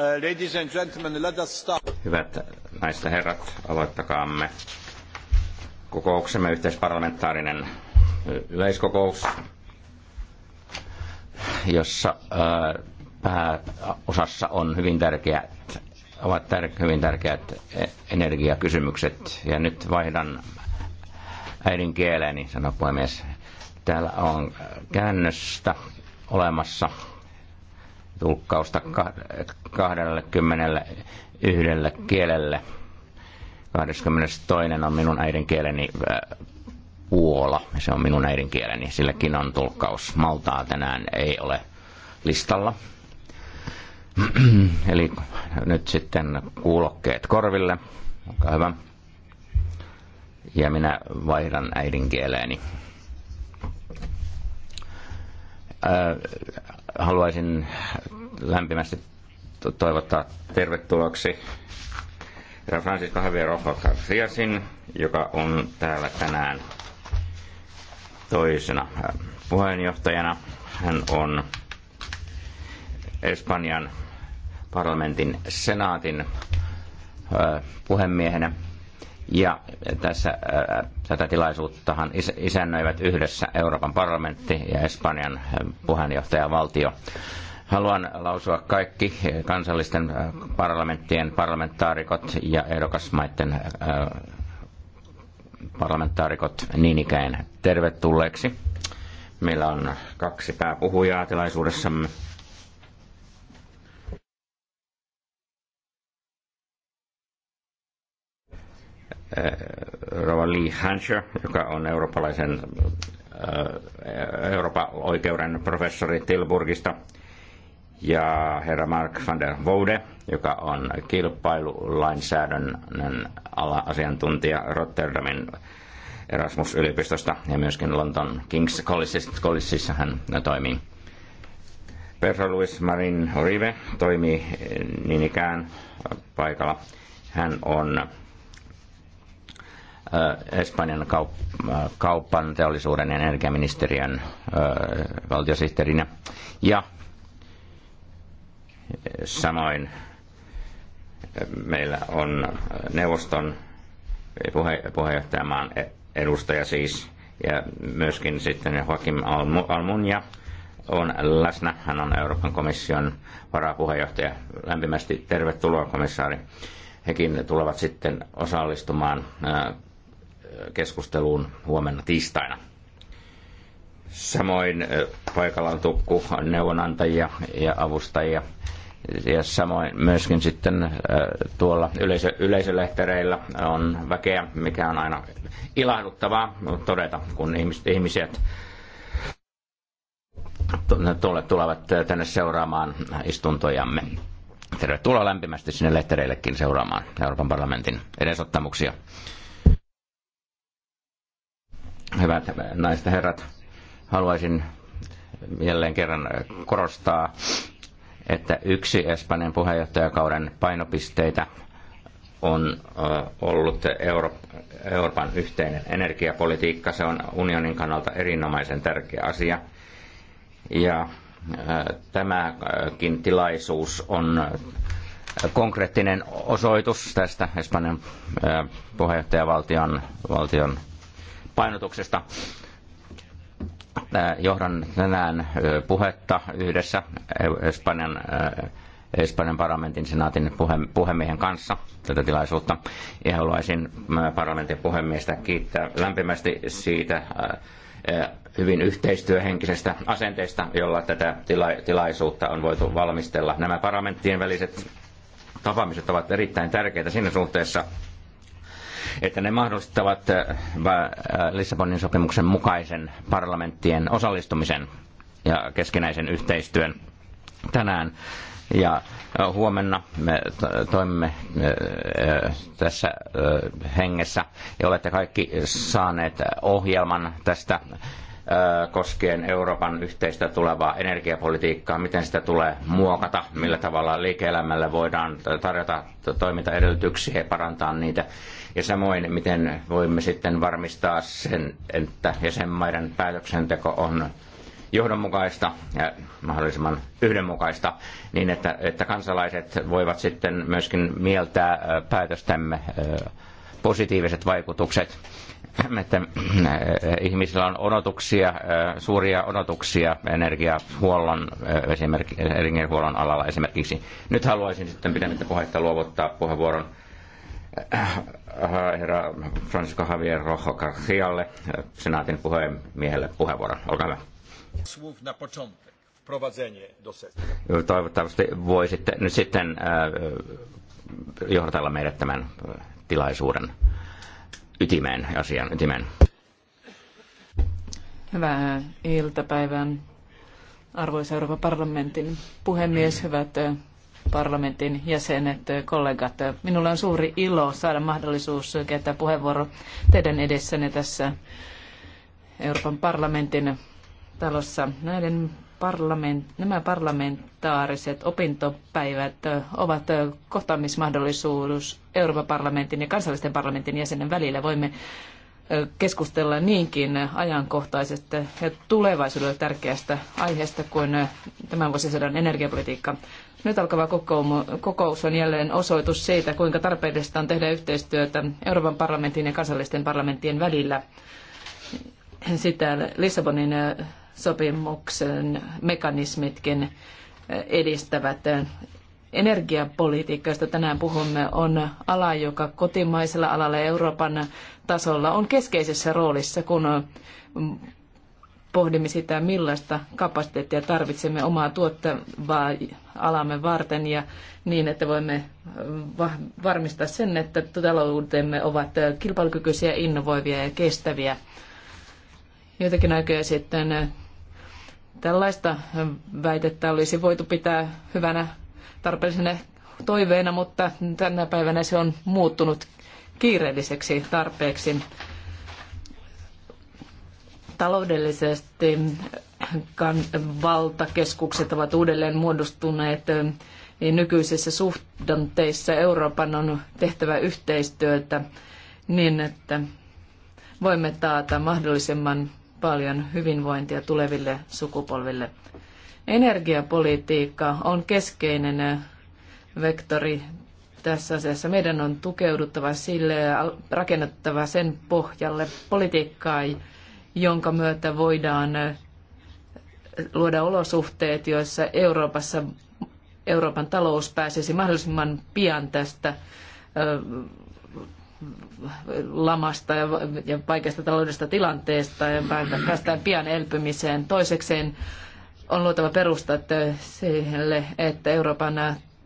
Uh, ladies and gentlemen, let us start. Hyvät naiset ja herrat, aloittakaamme kokouksemme yhteisparlamentaarinen yleiskokous, jossa uh, pääosassa on hyvin tärkeät, ovat tär- hyvin tärkeät energiakysymykset. Ja nyt vaihdan äidinkieleeni, sanoi puhemies. Täällä on käännöstä olemassa tulkkausta 21 kielelle. 22 on minun äidinkieleni äh, Puola, se on minun äidinkieleni, silläkin on tulkkaus. Maltaa tänään ei ole listalla. Eli nyt sitten kuulokkeet korville, olkaa hyvä. Ja minä vaihdan äidinkieleeni äh, haluaisin lämpimästi toivottaa tervetulleeksi herra Francisco Javier Rojo Garciasin, joka on täällä tänään toisena äh, puheenjohtajana. Hän on Espanjan parlamentin senaatin äh, puhemiehenä ja tässä äh, tätä tilaisuuttahan is, isännöivät yhdessä Euroopan parlamentti ja Espanjan äh, puheenjohtajavaltio. Haluan lausua kaikki äh, kansallisten parlamenttien parlamentaarikot ja ehdokasmaiden parlamentaarikot niin ikään tervetulleeksi. Meillä on kaksi pääpuhujaa tilaisuudessamme. Eh, Rova Lee Hansher, joka on eurooppalaisen eh, Euroopan oikeuden professori Tilburgista, ja herra Mark van der Woude, joka on kilpailulainsäädännön asiantuntija Rotterdamin Erasmus-yliopistosta ja myöskin London King's Collegeissa hän toimii. Pedro Luis Marin Rive toimii eh, niin ikään paikalla. Hän on Äh, Espanjan äh, kaupan, teollisuuden ja energiaministeriön äh, valtiosihteerinä. Ja samoin meillä on neuvoston puhe, puheenjohtajamaan e-, edustaja siis, ja myöskin sitten Joachim Almunia on läsnä. Hän on Euroopan komission varapuheenjohtaja. Lämpimästi tervetuloa komissaari. Hekin tulevat sitten osallistumaan keskusteluun huomenna tiistaina. Samoin paikalla on tukku neuvonantajia ja avustajia ja samoin myöskin sitten tuolla yleisö, yleisölehtereillä on väkeä, mikä on aina ilahduttavaa todeta, kun ihmiset, ihmiset tulevat tänne seuraamaan istuntojamme. Tervetuloa lämpimästi sinne lehtereillekin seuraamaan Euroopan parlamentin edesottamuksia. Hyvät naiset ja herrat, haluaisin jälleen kerran korostaa, että yksi Espanjan puheenjohtajakauden painopisteitä on ollut Euro- Euroopan yhteinen energiapolitiikka. Se on unionin kannalta erinomaisen tärkeä asia. Ja tämäkin tilaisuus on konkreettinen osoitus tästä Espanjan puheenjohtajavaltion valtion painotuksesta. Äh, johdan tänään äh, puhetta yhdessä äh, Espanjan Espanjan parlamentin senaatin puhe, puhemiehen kanssa tätä tilaisuutta. Ja haluaisin parlamentin puhemiestä kiittää lämpimästi siitä hyvin yhteistyöhenkisestä asenteesta, jolla tätä tila, tilaisuutta on voitu valmistella. Nämä parlamenttien väliset tapaamiset ovat erittäin tärkeitä siinä suhteessa, että ne mahdollistavat äh, äh, Lissabonin sopimuksen mukaisen parlamenttien osallistumisen ja keskinäisen yhteistyön tänään ja äh, huomenna me toimimme tässä hengessä ja olette kaikki saaneet ohjelman tästä koskien Euroopan yhteistä tulevaa energiapolitiikkaa, miten sitä tulee muokata, millä tavalla liike-elämälle voidaan tarjota toimintaedellytyksiä ja parantaa niitä ja samoin, miten voimme sitten varmistaa sen, että jäsenmaiden päätöksenteko on johdonmukaista ja mahdollisimman yhdenmukaista, niin että, että kansalaiset voivat sitten myöskin mieltää päätöstämme positiiviset vaikutukset että ihmisillä on odotuksia, suuria odotuksia energiahuollon, esimerkiksi, energiahuollon alalla esimerkiksi. Nyt haluaisin sitten pidemmittä puhetta luovuttaa puheenvuoron Äh, äh, herra Francisco Javier Rojo Garcialle, senaatin puhemiehelle puheenvuoron. Olkaa hyvä. Toivottavasti voisitte nyt sitten äh, johdatella meidät tämän tilaisuuden ytimeen, asian ytimeen. Hyvää iltapäivää, arvoisa Euroopan parlamentin puhemies, hyvät parlamentin jäsenet, kollegat. Minulla on suuri ilo saada mahdollisuus käyttää puheenvuoro teidän edessänne tässä Euroopan parlamentin talossa. Näiden parlament, nämä parlamentaariset opintopäivät ovat kohtaamismahdollisuus Euroopan parlamentin ja kansallisten parlamentin jäsenen välillä. Voimme keskustella niinkin ajankohtaisesta ja tulevaisuudelle tärkeästä aiheesta kuin tämän vuosisadan energiapolitiikka. Nyt alkava kokous on jälleen osoitus siitä, kuinka tarpeellista on tehdä yhteistyötä Euroopan parlamentin ja kansallisten parlamenttien välillä. Sitä Lissabonin sopimuksen mekanismitkin edistävät. Energiapolitiikka, josta tänään puhumme, on ala, joka kotimaisella alalla ja Euroopan tasolla on keskeisessä roolissa, kun pohdimme sitä, millaista kapasiteettia tarvitsemme omaa tuottavaa alamme varten ja niin, että voimme varmistaa sen, että taloutemme ovat kilpailukykyisiä, innovoivia ja kestäviä. Joitakin aikoja sitten tällaista väitettä olisi voitu pitää hyvänä tarpeellisena toiveena, mutta tänä päivänä se on muuttunut kiireelliseksi tarpeeksi. Taloudellisesti valtakeskukset ovat uudelleen muodostuneet niin nykyisissä suhdanteissa. Euroopan on tehtävä yhteistyötä niin, että voimme taata mahdollisimman paljon hyvinvointia tuleville sukupolville. Energiapolitiikka on keskeinen vektori tässä asiassa. Meidän on tukeuduttava sille ja rakennettava sen pohjalle politiikkaa, jonka myötä voidaan luoda olosuhteet, joissa Euroopassa, Euroopan talous pääsisi mahdollisimman pian tästä lamasta ja, ja vaikeasta taloudesta tilanteesta ja päästään pian elpymiseen. Toisekseen on luotava perustat sille, että Euroopan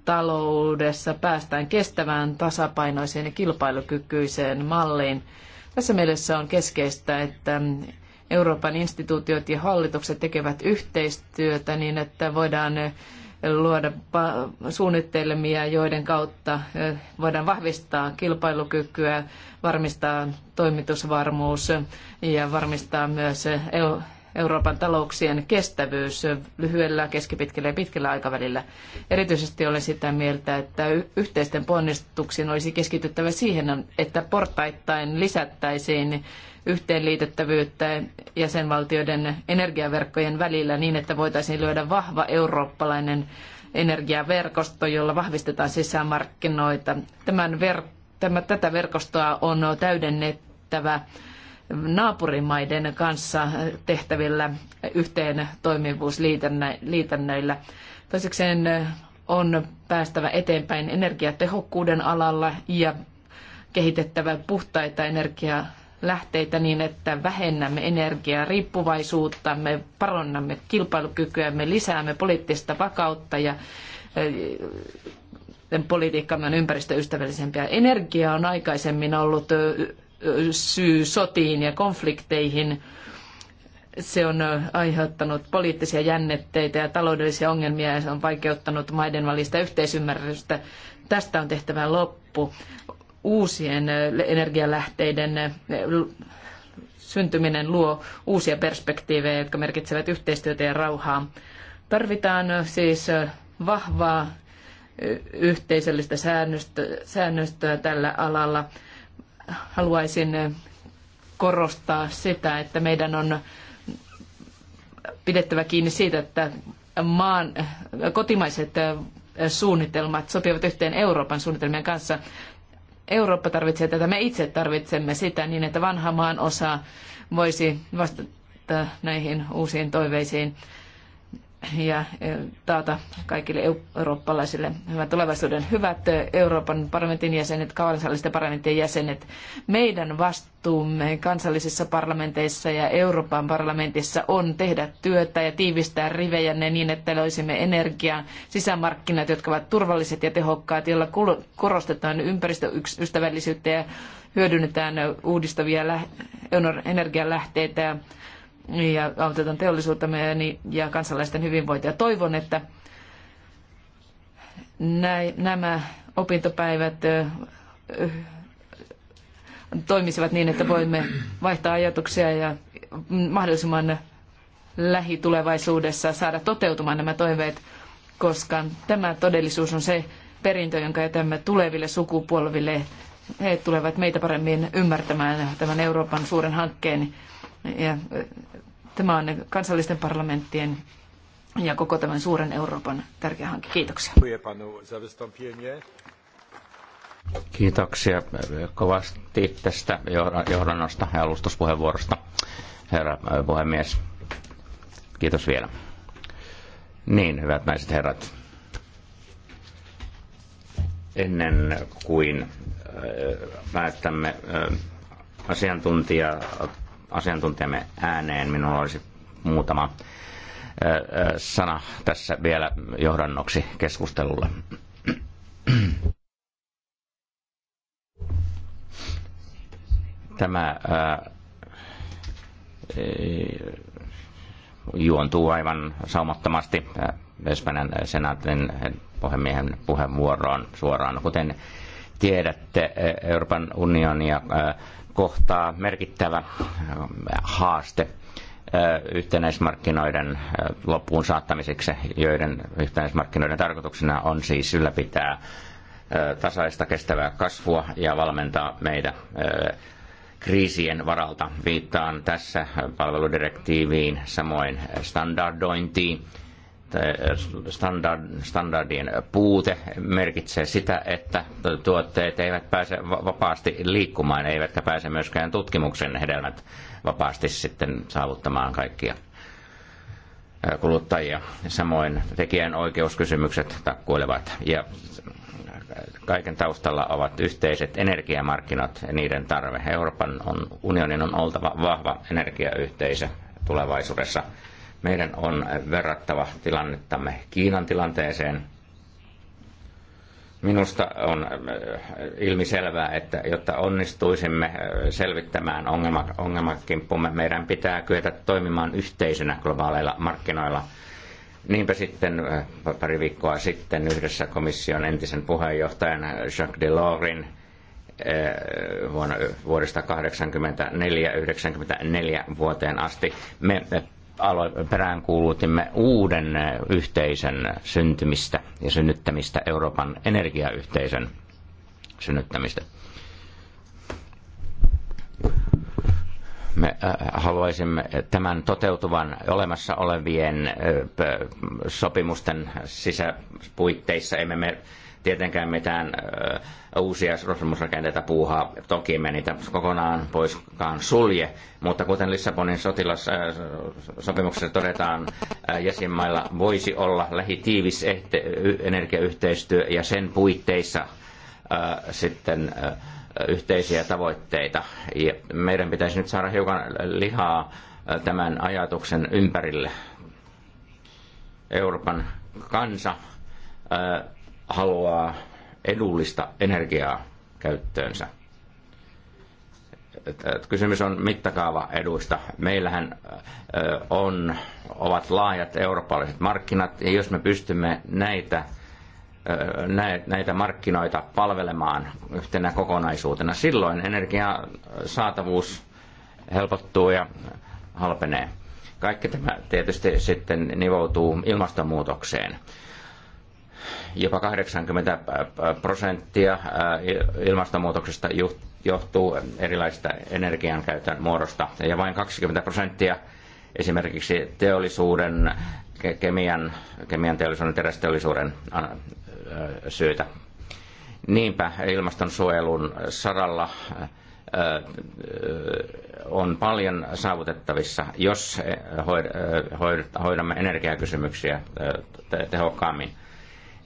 taloudessa päästään kestävään, tasapainoiseen ja kilpailukykyiseen malliin. Tässä mielessä on keskeistä, että Euroopan instituutiot ja hallitukset tekevät yhteistyötä niin, että voidaan luoda suunnitelmia, joiden kautta voidaan vahvistaa kilpailukykyä, varmistaa toimitusvarmuus ja varmistaa myös Euroopan talouksien kestävyys lyhyellä, keskipitkällä ja pitkällä aikavälillä. Erityisesti olen sitä mieltä, että yhteisten ponnistuksiin olisi keskityttävä siihen, että portaittain lisättäisiin yhteenliitettävyyttä jäsenvaltioiden energiaverkkojen välillä niin, että voitaisiin löydä vahva eurooppalainen energiaverkosto, jolla vahvistetaan sisämarkkinoita. Tämän ver- tämä, tätä verkostoa on täydennettävä naapurimaiden kanssa tehtävillä yhteen toimivuusliitännöillä. Toisekseen on päästävä eteenpäin energiatehokkuuden alalla ja kehitettävä puhtaita energialähteitä niin, että vähennämme me parannamme kilpailukykyämme, lisäämme poliittista vakautta ja politiikkamme on ympäristöystävällisempiä. Energia on aikaisemmin ollut syy sotiin ja konflikteihin. Se on aiheuttanut poliittisia jännitteitä ja taloudellisia ongelmia ja se on vaikeuttanut maiden välistä yhteisymmärrystä. Tästä on tehtävä loppu. Uusien energialähteiden syntyminen luo uusia perspektiivejä, jotka merkitsevät yhteistyötä ja rauhaa. Tarvitaan siis vahvaa yhteisöllistä säännöstöä, tällä alalla haluaisin korostaa sitä, että meidän on pidettävä kiinni siitä, että maan, kotimaiset suunnitelmat sopivat yhteen Euroopan suunnitelmien kanssa. Eurooppa tarvitsee tätä, me itse tarvitsemme sitä niin, että vanha maan osa voisi vastata näihin uusiin toiveisiin ja e, taata kaikille eurooppalaisille hyvän tulevaisuuden. Hyvät e, Euroopan parlamentin jäsenet, kansallisten parlamentin jäsenet, meidän vastuumme kansallisissa parlamenteissa ja Euroopan parlamentissa on tehdä työtä ja tiivistää rivejänne niin, että löisimme energiaa, sisämarkkinat, jotka ovat turvalliset ja tehokkaat, joilla korostetaan ympäristöystävällisyyttä ja hyödynnetään uudistavia energianlähteitä. ja ja autetaan teollisuuttamme ja kansalaisten hyvinvointia. Toivon, että nämä opintopäivät toimisivat niin, että voimme vaihtaa ajatuksia ja mahdollisimman lähitulevaisuudessa saada toteutumaan nämä toiveet, koska tämä todellisuus on se perintö, jonka jätämme tuleville sukupolville. He tulevat meitä paremmin ymmärtämään tämän Euroopan suuren hankkeen ja Tämä on kansallisten parlamenttien ja koko tämän suuren Euroopan tärkeä hanke. Kiitoksia. Kiitoksia kovasti tästä johdannosta ja alustuspuheenvuorosta, herra puhemies. Kiitos vielä. Niin, hyvät naiset herrat. Ennen kuin päättämme asiantuntija asiantuntijamme ääneen. Minulla olisi muutama sana tässä vielä johdannoksi keskustelulle. Tämä juontuu aivan saumattomasti Espanjan senaatin puhemiehen puheenvuoroon suoraan. Kuten tiedätte, Euroopan unionia kohtaa merkittävä äh, haaste äh, yhtenäismarkkinoiden äh, loppuun saattamiseksi, joiden yhtenäismarkkinoiden tarkoituksena on siis ylläpitää tasaista kestävää kasvua ja valmentaa meitä kriisien varalta. Viittaan tässä palveludirektiiviin, samoin standardointiin, standard, standardien puute merkitsee sitä, että tuotteet eivät pääse vapaasti liikkumaan, eivätkä pääse myöskään tutkimuksen hedelmät vapaasti sitten saavuttamaan kaikkia kuluttajia. Samoin tekijänoikeuskysymykset takkuilevat ja kaiken taustalla ovat yhteiset energiamarkkinat ja niiden tarve. Euroopan on, unionin on oltava vahva energiayhteisö tulevaisuudessa meidän on verrattava tilannettamme Kiinan tilanteeseen. Minusta on äh, ilmiselvää, että jotta onnistuisimme äh, selvittämään ongelmakimppumme, meidän pitää kyetä toimimaan yhteisönä globaaleilla markkinoilla. Niinpä sitten äh, pari viikkoa sitten yhdessä komission entisen puheenjohtajan Jacques Delorsin vuonna, vuodesta 1984-1994 vuoteen asti me peräänkuulutimme uuden yhteisön syntymistä ja synnyttämistä, Euroopan energiayhteisön synnyttämistä. Me äh, haluaisimme tämän toteutuvan olemassa olevien äh, sopimusten sisäpuitteissa. Emme me tietenkään mitään äh, uusia sopimusrakenteita puuhaa. Toki me niitä kokonaan poiskaan sulje, mutta kuten Lissabonin sotilassopimuksessa äh, todetaan, äh, jäsenmailla voisi olla lähitiivis energiayhteistyö ja sen puitteissa äh, sitten yhteisiä tavoitteita. Ja meidän pitäisi nyt saada hiukan lihaa tämän ajatuksen ympärille. Euroopan kansa haluaa edullista energiaa käyttöönsä. Kysymys on mittakaava eduista. Meillähän on, ovat laajat eurooppalaiset markkinat, ja jos me pystymme näitä näitä markkinoita palvelemaan yhtenä kokonaisuutena. Silloin energian saatavuus helpottuu ja halpenee. Kaikki tämä tietysti sitten nivoutuu ilmastonmuutokseen. Jopa 80 äh, äh, prosenttia äh, ilmastonmuutoksesta johtuu erilaisista energiankäytön muodosta ja vain 20 prosenttia esimerkiksi teollisuuden, kemian, kemian teollisuuden, terästeollisuuden syytä. Niinpä ilmastonsuojelun saralla on paljon saavutettavissa, jos hoidamme energiakysymyksiä tehokkaammin.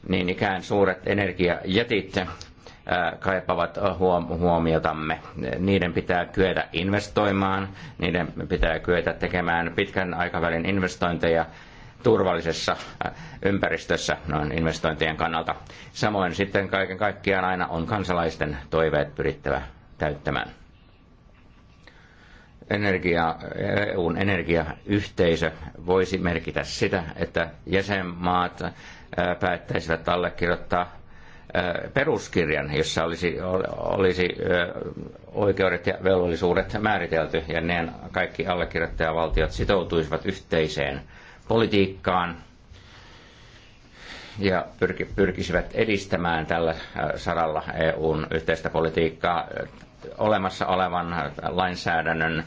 Niin ikään suuret energiajätit äh, kaipavat äh, huomiotamme. Niiden pitää kyetä investoimaan, niiden pitää kyetä tekemään pitkän aikavälin investointeja turvallisessa äh, ympäristössä noin investointien kannalta. Samoin sitten kaiken kaikkiaan aina on kansalaisten toiveet pyrittävä täyttämään. Energia, EUn energiayhteisö voisi merkitä sitä, että jäsenmaat päättäisivät allekirjoittaa peruskirjan, jossa olisi, olisi oikeudet ja velvollisuudet määritelty, ja ne kaikki allekirjoittajavaltiot sitoutuisivat yhteiseen politiikkaan ja pyrkisivät edistämään tällä saralla EUn yhteistä politiikkaa olemassa olevan lainsäädännön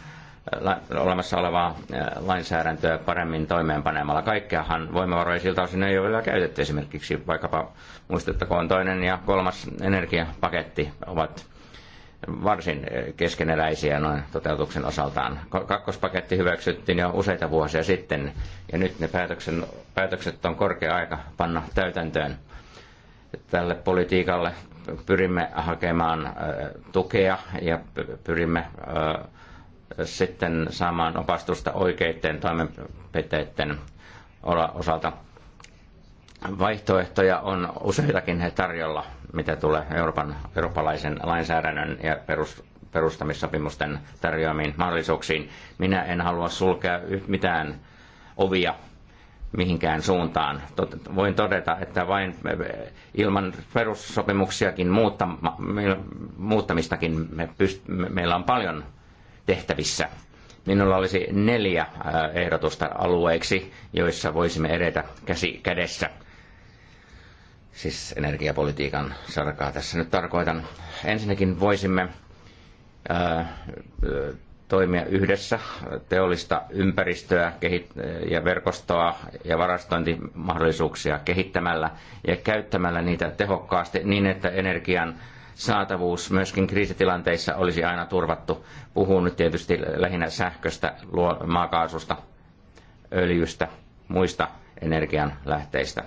olemassa olevaa lainsäädäntöä paremmin toimeenpanemalla. Kaikkeahan voimavaroja siltä osin ei ole vielä käytetty. Esimerkiksi vaikkapa muistettakoon toinen ja kolmas energiapaketti ovat varsin keskeneräisiä noin toteutuksen osaltaan. Kakkospaketti hyväksyttiin jo useita vuosia sitten, ja nyt ne päätöksen, päätökset on korkea aika panna täytäntöön. Tälle politiikalle pyrimme hakemaan tukea ja pyrimme sitten saamaan opastusta oikeiden toimenpiteiden osalta. Vaihtoehtoja on useitakin he tarjolla, mitä tulee Euroopan, eurooppalaisen lainsäädännön ja perus, perustamissopimusten tarjoamiin mahdollisuuksiin. Minä en halua sulkea mitään ovia mihinkään suuntaan. Voin todeta, että vain ilman perussopimuksiakin muuttam muuttamistakin me meillä on paljon tehtävissä. Minulla olisi neljä ehdotusta alueiksi, joissa voisimme edetä käsi kädessä. Siis energiapolitiikan sarkaa tässä nyt tarkoitan. Ensinnäkin voisimme toimia yhdessä teollista ympäristöä ja verkostoa ja varastointimahdollisuuksia kehittämällä ja käyttämällä niitä tehokkaasti niin, että energian saatavuus myöskin kriisitilanteissa olisi aina turvattu. Puhun nyt tietysti lähinnä sähköstä, maakaasusta, öljystä, muista energianlähteistä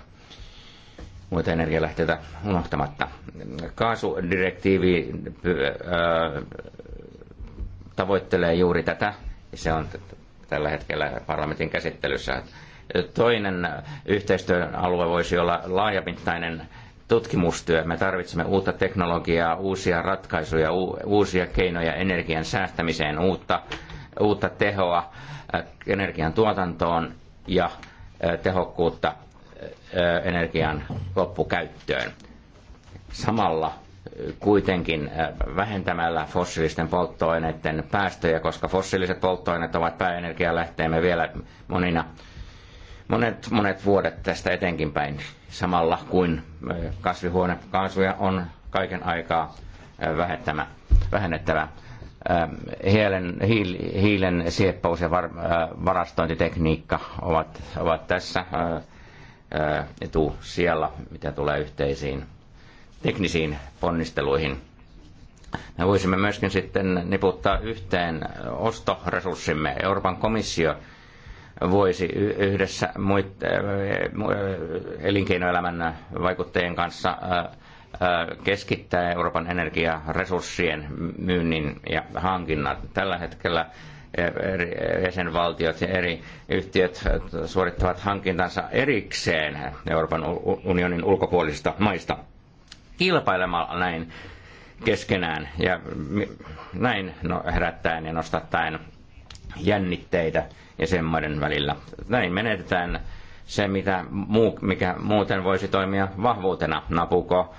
muita energialähteitä unohtamatta. Kaasudirektiivi tavoittelee juuri tätä. Se on tällä hetkellä parlamentin käsittelyssä. Toinen yhteistyön alue voisi olla laajapintainen tutkimustyö. Me tarvitsemme uutta teknologiaa, uusia ratkaisuja, uusia keinoja energian säästämiseen, uutta, uutta tehoa energian tuotantoon ja tehokkuutta energian loppukäyttöön. Samalla kuitenkin vähentämällä fossiilisten polttoaineiden päästöjä, koska fossiiliset polttoaineet ovat pääenergialähteemme vielä monina monet, monet vuodet tästä etenkin päin, samalla kuin kasvihuonekaasuja on kaiken aikaa vähennettävä. vähennettävä. Hiilen, hiilen sieppaus ja var, varastointitekniikka ovat, ovat tässä etu siellä, mitä tulee yhteisiin teknisiin ponnisteluihin. Me voisimme myöskin sitten niputtaa yhteen ostoresurssimme. Euroopan komissio voisi yhdessä muit, elinkeinoelämän vaikuttajien kanssa keskittää Euroopan energiaresurssien myynnin ja hankinnan. Tällä hetkellä eri jäsenvaltiot ja eri yhtiöt suorittavat hankintansa erikseen Euroopan unionin ulkopuolisista maista kilpailemalla näin keskenään ja näin no, herättäen ja nostattaen jännitteitä jäsenmaiden välillä. Näin menetetään se, mitä muu, mikä muuten voisi toimia vahvuutena. Napuko,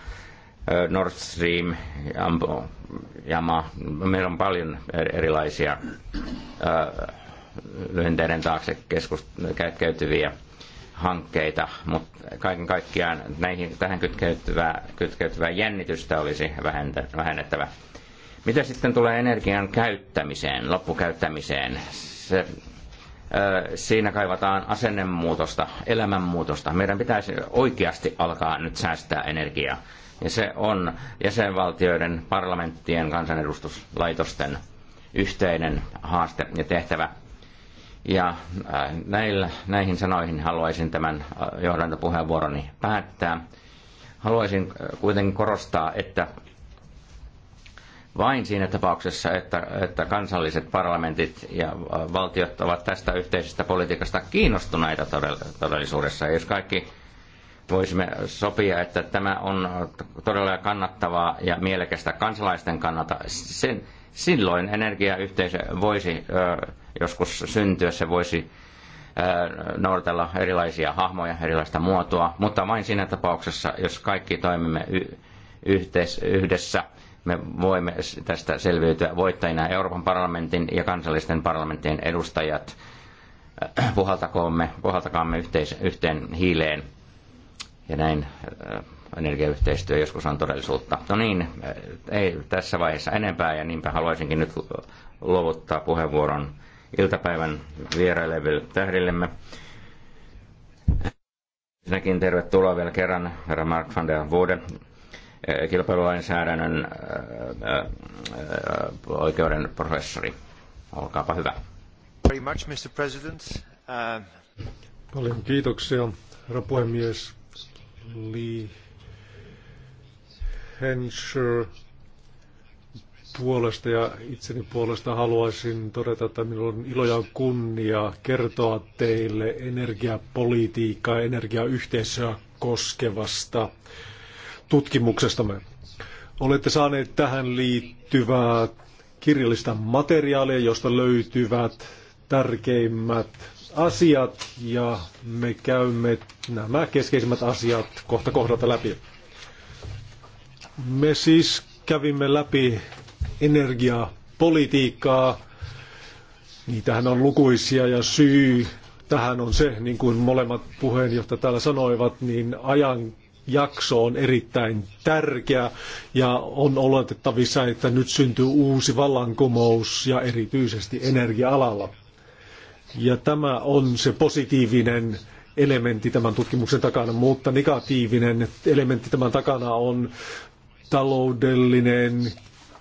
Nord Stream, Jama. Meillä on paljon erilaisia lyhenteiden taakse käyttäytyviä hankkeita, mutta kaiken kaikkiaan näihin, tähän kytkeytyvää, kytkeytyvää jännitystä olisi vähentä, vähennettävä. Mitä sitten tulee energian käyttämiseen, loppukäyttämiseen? Se siinä kaivataan asennemuutosta, elämänmuutosta. Meidän pitäisi oikeasti alkaa nyt säästää energiaa. Ja se on jäsenvaltioiden, parlamenttien, kansanedustuslaitosten yhteinen haaste ja tehtävä. Ja näillä, näihin sanoihin haluaisin tämän johdantopuheenvuoroni päättää. Haluaisin kuitenkin korostaa, että vain siinä tapauksessa, että, että kansalliset parlamentit ja valtiot ovat tästä yhteisestä politiikasta kiinnostuneita todellisuudessa. Jos kaikki voisimme sopia, että tämä on todella kannattavaa ja mielekästä kansalaisten kannalta, sen, silloin energiayhteisö voisi joskus syntyä, se voisi noudatella erilaisia hahmoja, erilaista muotoa, mutta vain siinä tapauksessa, jos kaikki toimimme yhteis- yhdessä – me voimme tästä selviytyä voittajina Euroopan parlamentin ja kansallisten parlamenttien edustajat. Äh, puhaltakaamme, yhteis, yhteen hiileen ja näin äh, energiayhteistyö joskus on todellisuutta. No niin, äh, ei tässä vaiheessa enempää ja niinpä haluaisinkin nyt luovuttaa puheenvuoron iltapäivän vieraileville tähdillemme. Ensinnäkin tervetuloa vielä kerran, herra Mark van der Vuode, Eh, kilpailulainsäädännön eh, eh, oikeuden professori. Olkaapa hyvä. Very much, Mr. President. Uh, Paljon kiitoksia, herra puhemies. Lee Henscher puolesta ja itseni puolesta haluaisin todeta, että minulla on ilo ja kunnia kertoa teille energiapolitiikkaa ja energiayhteisöä koskevasta tutkimuksestamme. Olette saaneet tähän liittyvää kirjallista materiaalia, josta löytyvät tärkeimmät asiat ja me käymme nämä keskeisimmät asiat kohta kohdalta läpi. Me siis kävimme läpi energiapolitiikkaa. Niitähän on lukuisia ja syy tähän on se, niin kuin molemmat puheenjohtajat täällä sanoivat, niin ajan jakso on erittäin tärkeä ja on oletettavissa, että nyt syntyy uusi vallankumous ja erityisesti energia-alalla. Ja tämä on se positiivinen elementti tämän tutkimuksen takana, mutta negatiivinen elementti tämän takana on taloudellinen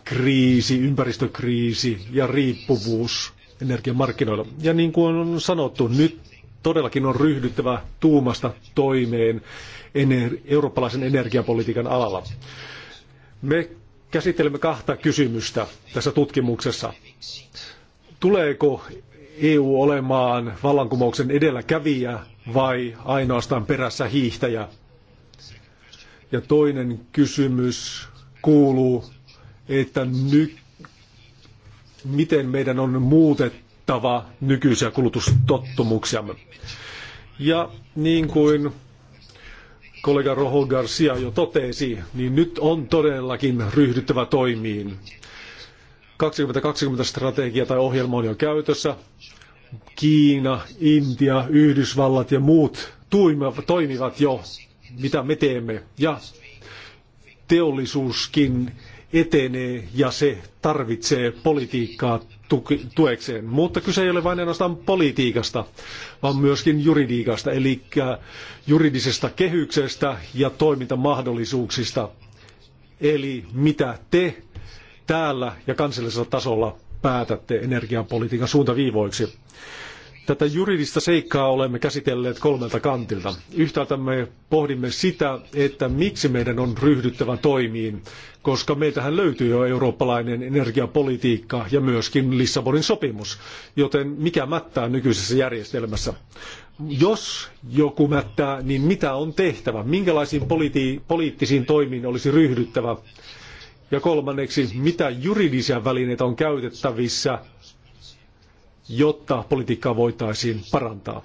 kriisi, ympäristökriisi ja riippuvuus energiamarkkinoilla. Ja niin kuin on sanottu, nyt todellakin on ryhdyttävä tuumasta toimeen ener- eurooppalaisen energiapolitiikan alalla. Me käsittelemme kahta kysymystä tässä tutkimuksessa. Tuleeko EU olemaan vallankumouksen edelläkävijä vai ainoastaan perässä hiihtäjä? Ja toinen kysymys kuuluu, että nyt miten meidän on muutettava nykyisiä kulutustottumuksiamme. Ja niin kuin kollega Rohol Garcia jo totesi, niin nyt on todellakin ryhdyttävä toimiin. 2020-strategia tai ohjelma on jo käytössä. Kiina, Intia, Yhdysvallat ja muut toimivat jo, mitä me teemme. Ja teollisuuskin etenee ja se tarvitsee politiikkaa tuekseen. Mutta kyse ei ole vain ainoastaan politiikasta, vaan myöskin juridiikasta, eli juridisesta kehyksestä ja toimintamahdollisuuksista. Eli mitä te täällä ja kansallisella tasolla päätätte energiapolitiikan suuntaviivoiksi. Tätä juridista seikkaa olemme käsitelleet kolmelta kantilta. Yhtäältä me pohdimme sitä, että miksi meidän on ryhdyttävä toimiin, koska meiltähän löytyy jo eurooppalainen energiapolitiikka ja myöskin Lissabonin sopimus, joten mikä mättää nykyisessä järjestelmässä. Jos joku mättää, niin mitä on tehtävä? Minkälaisiin politi- poliittisiin toimiin olisi ryhdyttävä? Ja kolmanneksi, mitä juridisia välineitä on käytettävissä jotta politiikkaa voitaisiin parantaa.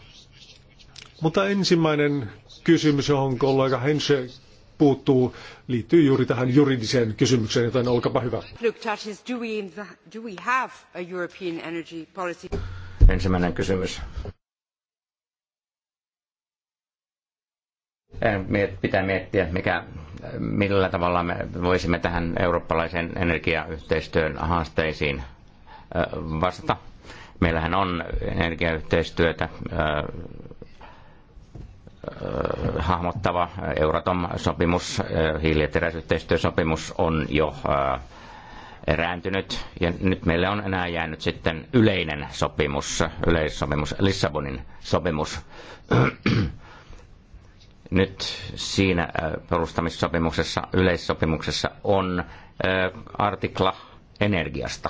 Mutta ensimmäinen kysymys, johon kollega Hensö puuttuu, liittyy juuri tähän juridiseen kysymykseen, joten olkapa hyvä. Ensimmäinen kysymys. Pitää miettiä, mikä, millä tavalla me voisimme tähän eurooppalaisen energiayhteistyön haasteisiin vastata Meillähän on energiayhteistyötä hahmottava Euratom-sopimus, hiili- ja teräsyhteistyösopimus on jo erääntynyt. Ja nyt meille on enää jäänyt sitten yleinen sopimus, yleissopimus, Lissabonin sopimus. nyt siinä perustamissopimuksessa, yleissopimuksessa on artikla energiasta,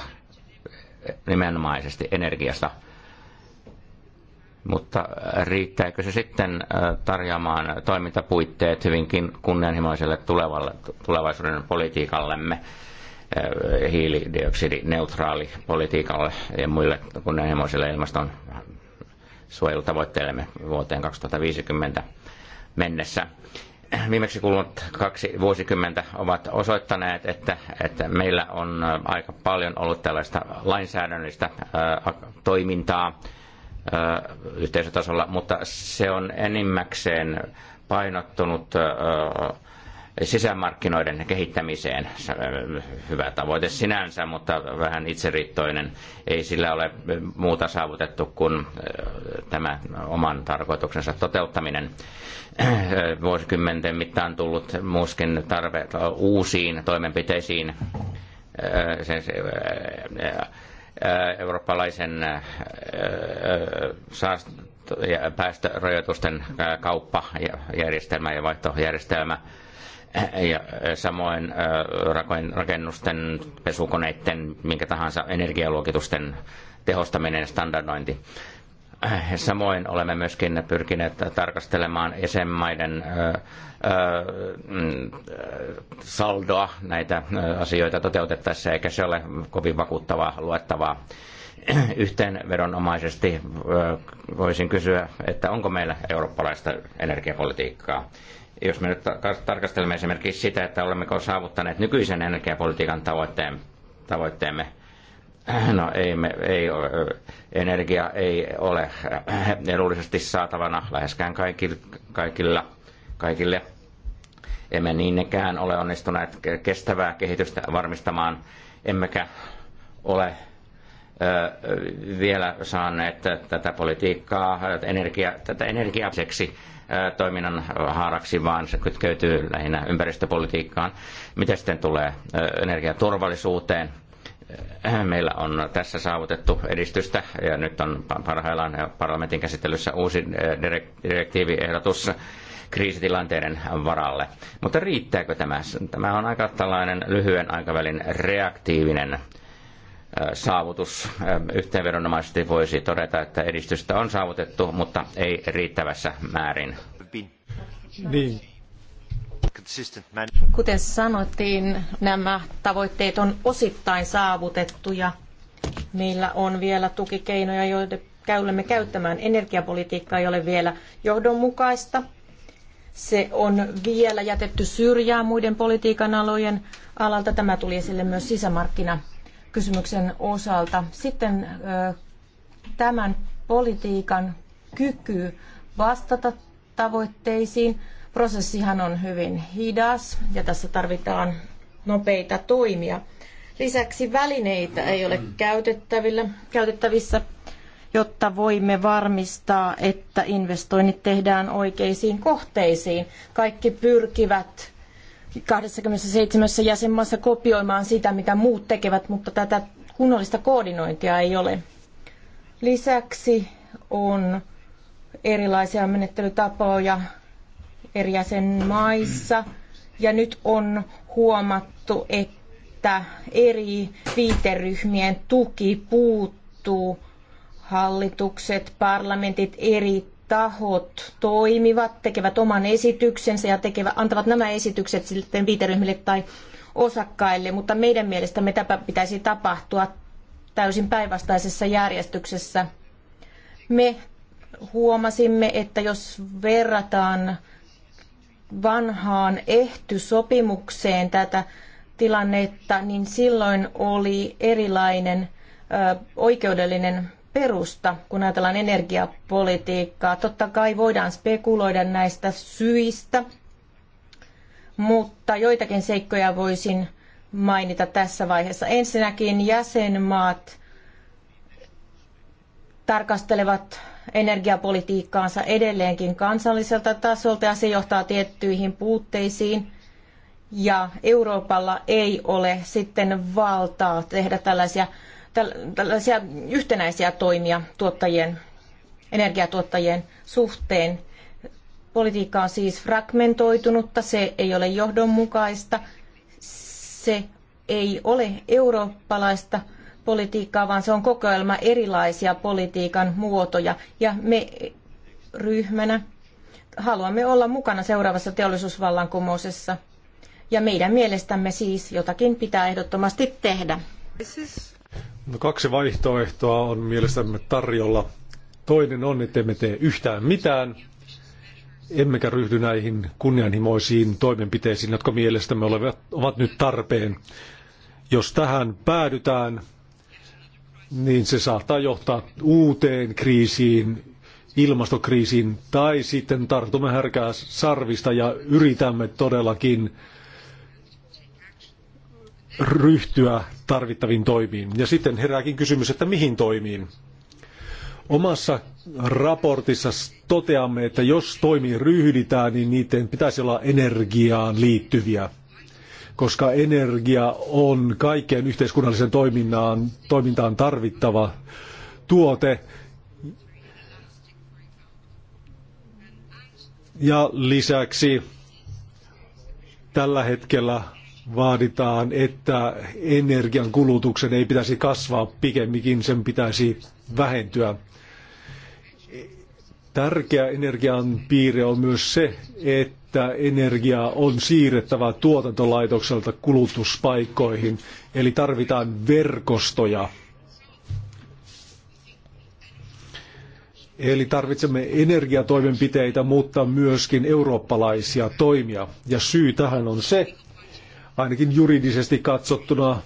nimenomaisesti energiasta. Mutta riittääkö se sitten äh, tarjoamaan toimintapuitteet hyvinkin kunnianhimoiselle tulevalle, tulevaisuuden politiikallemme, äh, hiilidioksidineutraali politiikalle ja muille kunnianhimoisille ilmaston suojelutavoitteillemme vuoteen 2050 mennessä? viimeksi kulunut kaksi vuosikymmentä ovat osoittaneet, että, että meillä on aika paljon ollut tällaista lainsäädännöllistä toimintaa yhteisötasolla, mutta se on enimmäkseen painottunut sisämarkkinoiden kehittämiseen. Äh, hyvä tavoite sinänsä, mutta vähän itseriittoinen. Ei sillä ole muuta saavutettu kuin äh, tämä oman tarkoituksensa toteuttaminen. Äh, vuosikymmenten mittaan tullut muuskin tarve uusiin toimenpiteisiin eurooppalaisen päästörajoitusten kauppajärjestelmä ja vaihtojärjestelmä – ja samoin rakennusten, pesukoneiden, minkä tahansa energialuokitusten tehostaminen ja standardointi. Samoin olemme myöskin pyrkineet tarkastelemaan jäsenmaiden mm, saldoa näitä asioita toteutettaessa, eikä se ole kovin vakuuttavaa luettavaa. Yhteenvedonomaisesti voisin kysyä, että onko meillä eurooppalaista energiapolitiikkaa jos me nyt tarkastelemme esimerkiksi sitä, että olemmeko saavuttaneet nykyisen energiapolitiikan tavoitteen, tavoitteemme, No ei, me, ei ole, energia ei ole äh, edullisesti saatavana läheskään kaikille, kaikilla, kaikille. Emme niinkään ole onnistuneet kestävää kehitystä varmistamaan, emmekä ole vielä saaneet tätä politiikkaa, energia, tätä energiaseksi toiminnan haaraksi, vaan se kytkeytyy lähinnä ympäristöpolitiikkaan. Mitä sitten tulee energiaturvallisuuteen? Meillä on tässä saavutettu edistystä ja nyt on parhaillaan parlamentin käsittelyssä uusi direktiiviehdotus kriisitilanteiden varalle. Mutta riittääkö tämä? Tämä on aika tällainen lyhyen aikavälin reaktiivinen saavutus. Yhteenvedonomaisesti voisi todeta, että edistystä on saavutettu, mutta ei riittävässä määrin. Niin. Kuten sanottiin, nämä tavoitteet on osittain saavutettu ja meillä on vielä tukikeinoja, joita käylemme käyttämään. Energiapolitiikka ei ole vielä johdonmukaista. Se on vielä jätetty syrjään muiden politiikan alojen alalta. Tämä tuli esille myös sisämarkkina kysymyksen osalta. Sitten tämän politiikan kyky vastata tavoitteisiin. Prosessihan on hyvin hidas ja tässä tarvitaan nopeita toimia. Lisäksi välineitä ei ole käytettävillä käytettävissä, jotta voimme varmistaa, että investoinnit tehdään oikeisiin kohteisiin. Kaikki pyrkivät 27 jäsenmaassa kopioimaan sitä, mitä muut tekevät, mutta tätä kunnollista koordinointia ei ole. Lisäksi on erilaisia menettelytapoja eri jäsenmaissa ja nyt on huomattu, että eri viiteryhmien tuki puuttuu. Hallitukset, parlamentit, eri tahot toimivat, tekevät oman esityksensä ja tekevät, antavat nämä esitykset sitten viiteryhmille tai osakkaille, mutta meidän mielestämme tämä pitäisi tapahtua täysin päinvastaisessa järjestyksessä. Me huomasimme, että jos verrataan vanhaan ehtysopimukseen tätä tilannetta, niin silloin oli erilainen oikeudellinen perusta, kun ajatellaan energiapolitiikkaa. Totta kai voidaan spekuloida näistä syistä, mutta joitakin seikkoja voisin mainita tässä vaiheessa. Ensinnäkin jäsenmaat tarkastelevat energiapolitiikkaansa edelleenkin kansalliselta tasolta ja se johtaa tiettyihin puutteisiin. Ja Euroopalla ei ole sitten valtaa tehdä tällaisia tällaisia yhtenäisiä toimia tuottajien, energiatuottajien suhteen. Politiikka on siis fragmentoitunutta, se ei ole johdonmukaista, se ei ole eurooppalaista politiikkaa, vaan se on kokoelma erilaisia politiikan muotoja. Ja me ryhmänä haluamme olla mukana seuraavassa teollisuusvallankumousessa. Ja meidän mielestämme siis jotakin pitää ehdottomasti tehdä. This is... No kaksi vaihtoehtoa on mielestämme tarjolla. Toinen on, että emme tee yhtään mitään, emmekä ryhdy näihin kunnianhimoisiin toimenpiteisiin, jotka mielestämme olevat, ovat nyt tarpeen. Jos tähän päädytään, niin se saattaa johtaa uuteen kriisiin, ilmastokriisiin, tai sitten tartumme härkää sarvista ja yritämme todellakin ryhtyä tarvittaviin toimiin. Ja sitten herääkin kysymys, että mihin toimiin? Omassa raportissa toteamme, että jos toimiin ryhdytään, niin niiden pitäisi olla energiaan liittyviä, koska energia on kaikkeen yhteiskunnalliseen toimintaan tarvittava tuote. Ja lisäksi tällä hetkellä vaaditaan, että energian kulutuksen ei pitäisi kasvaa, pikemminkin sen pitäisi vähentyä. Tärkeä energian piirre on myös se, että energiaa on siirrettävä tuotantolaitokselta kulutuspaikkoihin, eli tarvitaan verkostoja. Eli tarvitsemme energiatoimenpiteitä, mutta myöskin eurooppalaisia toimia. Ja syy tähän on se, ainakin juridisesti katsottuna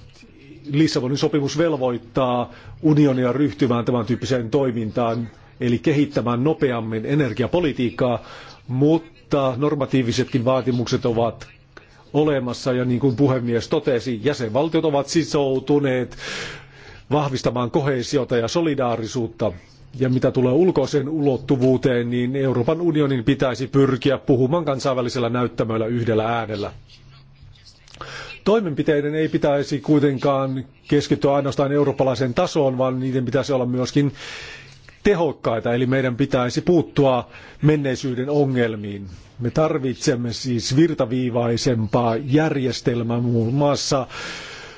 Lissabonin sopimus velvoittaa unionia ryhtymään tämän tyyppiseen toimintaan, eli kehittämään nopeammin energiapolitiikkaa, mutta normatiivisetkin vaatimukset ovat olemassa ja niin kuin puhemies totesi, jäsenvaltiot ovat sitoutuneet vahvistamaan kohesiota ja solidaarisuutta. Ja mitä tulee ulkoiseen ulottuvuuteen, niin Euroopan unionin pitäisi pyrkiä puhumaan kansainvälisellä näyttämöllä yhdellä äänellä. Toimenpiteiden ei pitäisi kuitenkaan keskittyä ainoastaan eurooppalaiseen tasoon, vaan niiden pitäisi olla myöskin tehokkaita, eli meidän pitäisi puuttua menneisyyden ongelmiin. Me tarvitsemme siis virtaviivaisempaa järjestelmää muun muassa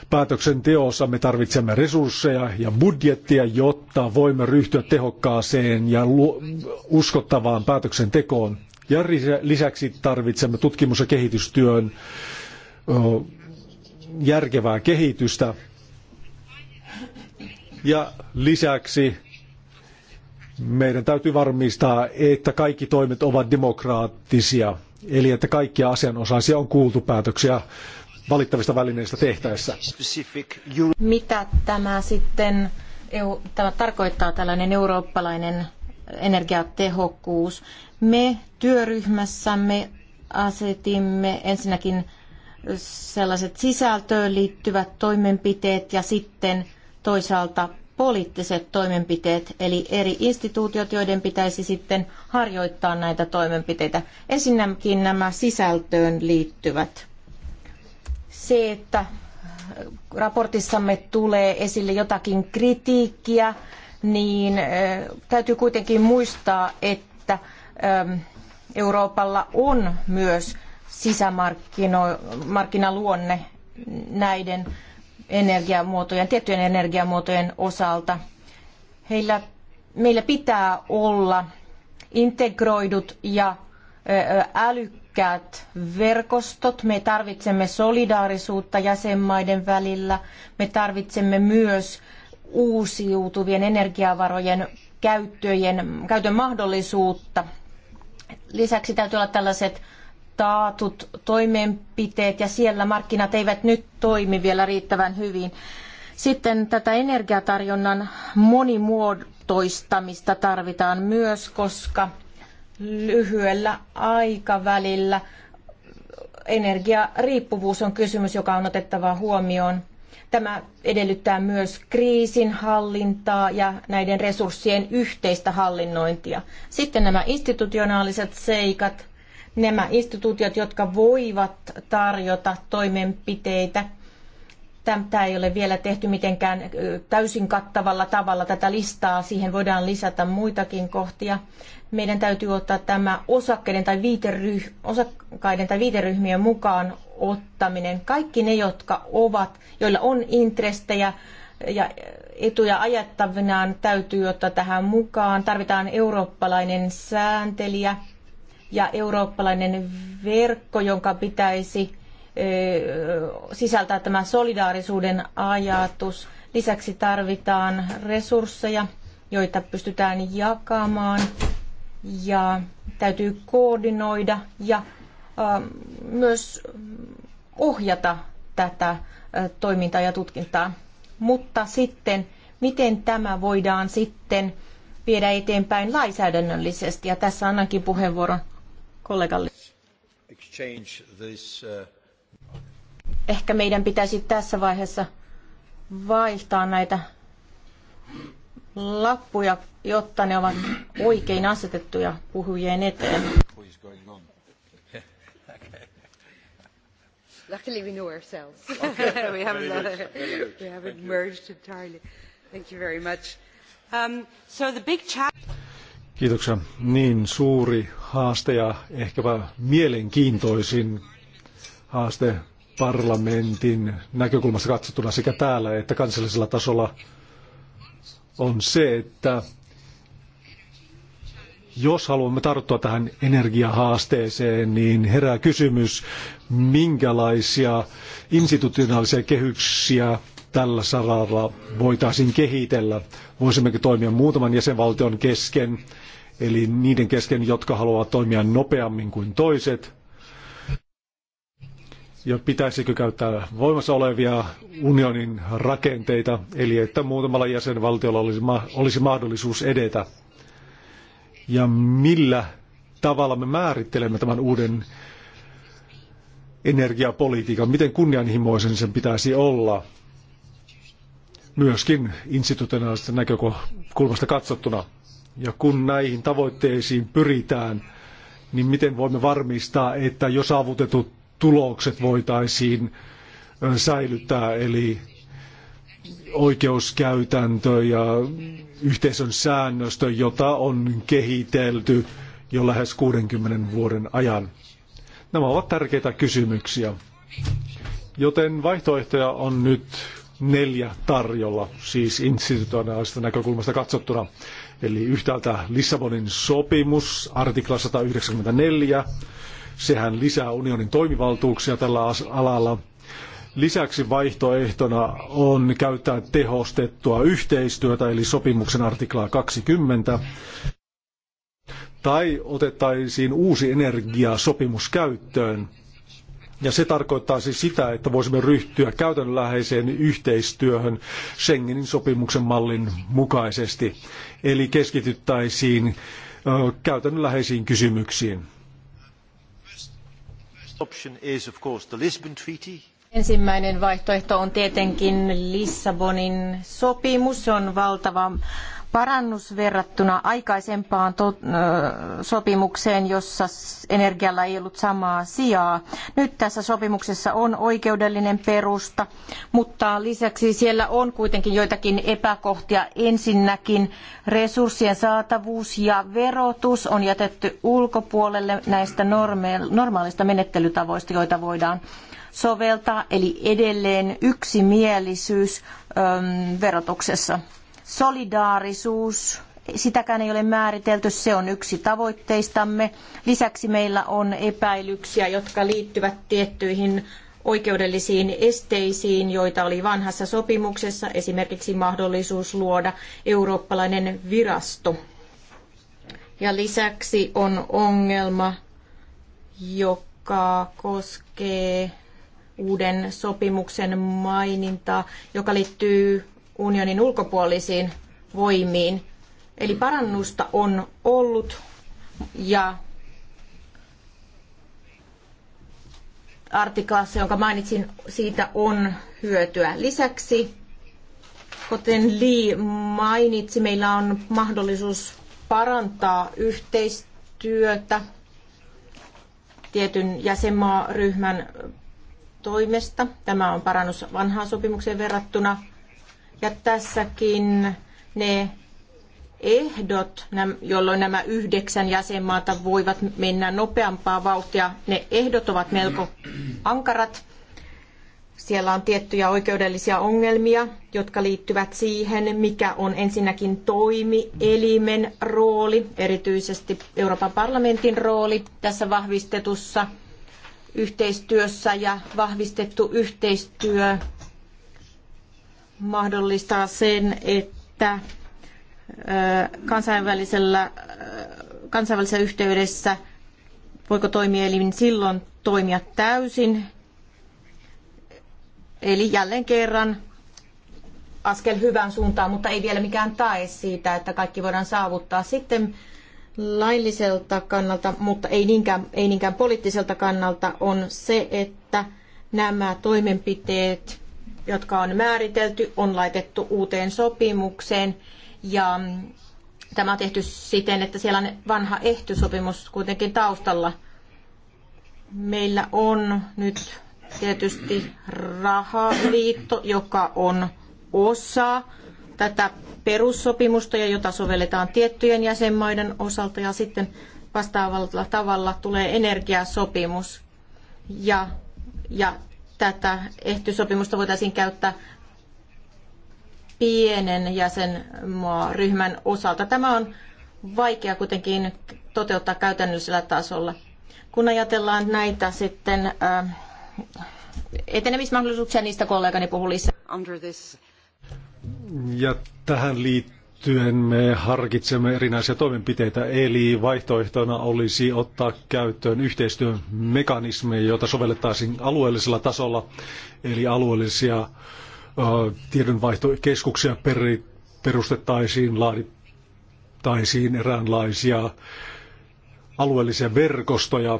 päätöksenteossa. Me tarvitsemme resursseja ja budjettia, jotta voimme ryhtyä tehokkaaseen ja uskottavaan päätöksentekoon. Ja lisäksi tarvitsemme tutkimus- ja kehitystyön järkevää kehitystä. Ja lisäksi meidän täytyy varmistaa, että kaikki toimet ovat demokraattisia, eli että kaikkia asianosaisia on kuultu päätöksiä valittavista välineistä tehtäessä. Mitä tämä sitten tämä tarkoittaa tällainen eurooppalainen energiatehokkuus? Me työryhmässämme asetimme ensinnäkin sellaiset sisältöön liittyvät toimenpiteet ja sitten toisaalta poliittiset toimenpiteet, eli eri instituutiot, joiden pitäisi sitten harjoittaa näitä toimenpiteitä. Ensinnäkin nämä sisältöön liittyvät. Se, että raportissamme tulee esille jotakin kritiikkiä, niin täytyy kuitenkin muistaa, että Euroopalla on myös sisämarkkinaluonne näiden energiamuotojen, tiettyjen energiamuotojen osalta. Heillä, meillä pitää olla integroidut ja älykkäät verkostot. Me tarvitsemme solidaarisuutta jäsenmaiden välillä. Me tarvitsemme myös uusiutuvien energiavarojen käyttöjen, käytön mahdollisuutta. Lisäksi täytyy olla tällaiset taatut toimenpiteet ja siellä markkinat eivät nyt toimi vielä riittävän hyvin. Sitten tätä energiatarjonnan monimuotoistamista tarvitaan myös, koska lyhyellä aikavälillä energiariippuvuus on kysymys, joka on otettava huomioon. Tämä edellyttää myös kriisin hallintaa ja näiden resurssien yhteistä hallinnointia. Sitten nämä institutionaaliset seikat, nämä instituutiot, jotka voivat tarjota toimenpiteitä. Tämä ei ole vielä tehty mitenkään täysin kattavalla tavalla tätä listaa. Siihen voidaan lisätä muitakin kohtia. Meidän täytyy ottaa tämä osakkeiden tai, viiteryh- osakkaiden tai viiteryhmien mukaan ottaminen. Kaikki ne, jotka ovat, joilla on intressejä ja etuja ajattavinaan, täytyy ottaa tähän mukaan. Tarvitaan eurooppalainen sääntelijä ja eurooppalainen verkko, jonka pitäisi sisältää tämä solidaarisuuden ajatus. Lisäksi tarvitaan resursseja, joita pystytään jakamaan ja täytyy koordinoida ja myös ohjata tätä toimintaa ja tutkintaa. Mutta sitten, miten tämä voidaan sitten viedä eteenpäin lainsäädännöllisesti? Ja tässä annankin puheenvuoron kollegalle. Uh, Ehkä meidän pitäisi tässä vaiheessa vaihtaa näitä lappuja, jotta ne ovat oikein asetettuja puhujien eteen. Luckily we know ourselves. Okay. we, haven't, uh, we haven't merged entirely. Thank you very much. Um, so the big challenge Kiitoksia. Niin suuri haaste ja ehkäpä mielenkiintoisin haaste parlamentin näkökulmasta katsottuna sekä täällä että kansallisella tasolla on se, että jos haluamme tarttua tähän energiahaasteeseen, niin herää kysymys, minkälaisia institutionaalisia kehyksiä tällä saralla voitaisiin kehitellä. Voisimmeko toimia muutaman jäsenvaltion kesken eli niiden kesken, jotka haluavat toimia nopeammin kuin toiset. Ja pitäisikö käyttää voimassa olevia unionin rakenteita, eli että muutamalla jäsenvaltiolla olisi, olisi mahdollisuus edetä. Ja millä tavalla me määrittelemme tämän uuden energiapolitiikan, miten kunnianhimoisen sen pitäisi olla myöskin institutionaalisesta näkökulmasta katsottuna. Ja kun näihin tavoitteisiin pyritään, niin miten voimme varmistaa, että jo saavutetut tulokset voitaisiin säilyttää, eli oikeuskäytäntö ja yhteisön säännöstö, jota on kehitelty jo lähes 60 vuoden ajan. Nämä ovat tärkeitä kysymyksiä. Joten vaihtoehtoja on nyt neljä tarjolla, siis institutionaalisesta näkökulmasta katsottuna. Eli yhtäältä Lissabonin sopimus, artikla 194, sehän lisää unionin toimivaltuuksia tällä alalla. Lisäksi vaihtoehtona on käyttää tehostettua yhteistyötä, eli sopimuksen artiklaa 20. Tai otettaisiin uusi energiasopimus käyttöön, ja se tarkoittaisi siis sitä, että voisimme ryhtyä käytännönläheiseen yhteistyöhön Schengenin sopimuksen mallin mukaisesti. Eli keskityttäisiin käytännönläheisiin kysymyksiin. Option is of course the Lisbon Treaty, Ensimmäinen vaihtoehto on tietenkin Lissabonin sopimus. Se on valtava parannus verrattuna aikaisempaan sopimukseen, jossa energialla ei ollut samaa sijaa. Nyt tässä sopimuksessa on oikeudellinen perusta, mutta lisäksi siellä on kuitenkin joitakin epäkohtia. Ensinnäkin resurssien saatavuus ja verotus on jätetty ulkopuolelle näistä norme- normaalista menettelytavoista, joita voidaan soveltaa, eli edelleen yksimielisyys verotuksessa. Solidaarisuus, sitäkään ei ole määritelty, se on yksi tavoitteistamme. Lisäksi meillä on epäilyksiä, jotka liittyvät tiettyihin oikeudellisiin esteisiin, joita oli vanhassa sopimuksessa, esimerkiksi mahdollisuus luoda eurooppalainen virasto. Ja lisäksi on ongelma, joka koskee uuden sopimuksen maininta, joka liittyy unionin ulkopuolisiin voimiin. Eli parannusta on ollut ja artiklassa, jonka mainitsin, siitä on hyötyä. Lisäksi, kuten Li mainitsi, meillä on mahdollisuus parantaa yhteistyötä tietyn jäsenmaaryhmän toimesta. Tämä on parannus vanhaan sopimukseen verrattuna. Ja tässäkin ne ehdot, jolloin nämä yhdeksän jäsenmaata voivat mennä nopeampaa vauhtia, ne ehdot ovat melko ankarat. Siellä on tiettyjä oikeudellisia ongelmia, jotka liittyvät siihen, mikä on ensinnäkin toimielimen rooli, erityisesti Euroopan parlamentin rooli tässä vahvistetussa – yhteistyössä ja vahvistettu yhteistyö mahdollistaa sen, että kansainvälisellä, kansainvälisessä yhteydessä voiko toimielin silloin toimia täysin. Eli jälleen kerran askel hyvään suuntaan, mutta ei vielä mikään tae siitä, että kaikki voidaan saavuttaa. Sitten lailliselta kannalta, mutta ei niinkään, ei niinkään poliittiselta kannalta, on se, että nämä toimenpiteet, jotka on määritelty, on laitettu uuteen sopimukseen ja tämä on tehty siten, että siellä on vanha ehtysopimus kuitenkin taustalla. Meillä on nyt tietysti rahaliitto, joka on osa tätä perussopimusta, jota sovelletaan tiettyjen jäsenmaiden osalta ja sitten vastaavalla tavalla tulee energiasopimus ja, ja tätä ehtysopimusta voitaisiin käyttää pienen jäsenmaaryhmän osalta. Tämä on vaikea kuitenkin toteuttaa käytännöllisellä tasolla. Kun ajatellaan näitä sitten etenemismahdollisuuksia, niistä kollegani puhui lisää. Ja tähän liittyen me harkitsemme erinäisiä toimenpiteitä, eli vaihtoehtona olisi ottaa käyttöön yhteistyön jota joita sovellettaisiin alueellisella tasolla, eli alueellisia tiedonvaihtokeskuksia perustettaisiin, laadittaisiin eräänlaisia alueellisia verkostoja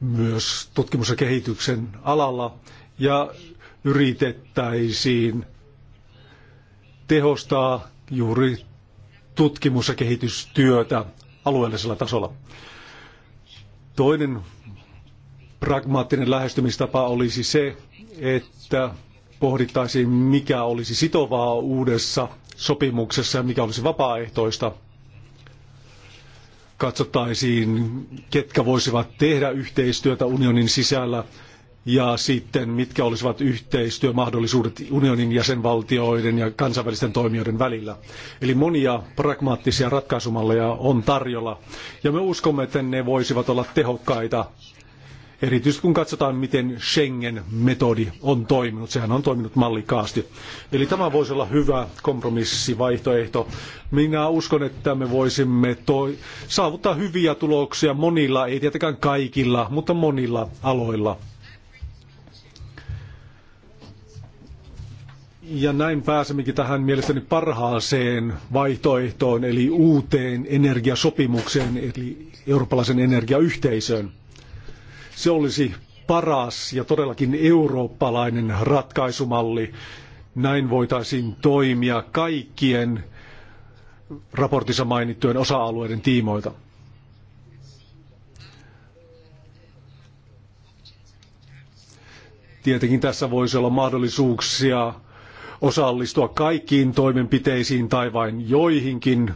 myös tutkimus- ja kehityksen alalla. Ja yritettäisiin tehostaa juuri tutkimus- ja kehitystyötä alueellisella tasolla. Toinen pragmaattinen lähestymistapa olisi se, että pohdittaisiin, mikä olisi sitovaa uudessa sopimuksessa ja mikä olisi vapaaehtoista. Katsottaisiin, ketkä voisivat tehdä yhteistyötä unionin sisällä ja sitten mitkä olisivat yhteistyömahdollisuudet unionin jäsenvaltioiden ja kansainvälisten toimijoiden välillä. Eli monia pragmaattisia ratkaisumalleja on tarjolla ja me uskomme, että ne voisivat olla tehokkaita Erityisesti kun katsotaan, miten Schengen-metodi on toiminut, sehän on toiminut mallikaasti. Eli tämä voisi olla hyvä kompromissivaihtoehto. Minä uskon, että me voisimme toi, saavuttaa hyviä tuloksia monilla, ei tietenkään kaikilla, mutta monilla aloilla. Ja näin pääsemmekin tähän mielestäni parhaaseen vaihtoehtoon, eli uuteen energiasopimukseen, eli eurooppalaisen energiayhteisöön. Se olisi paras ja todellakin eurooppalainen ratkaisumalli. Näin voitaisiin toimia kaikkien raportissa mainittujen osa-alueiden tiimoilta. Tietenkin tässä voisi olla mahdollisuuksia osallistua kaikkiin toimenpiteisiin tai vain joihinkin,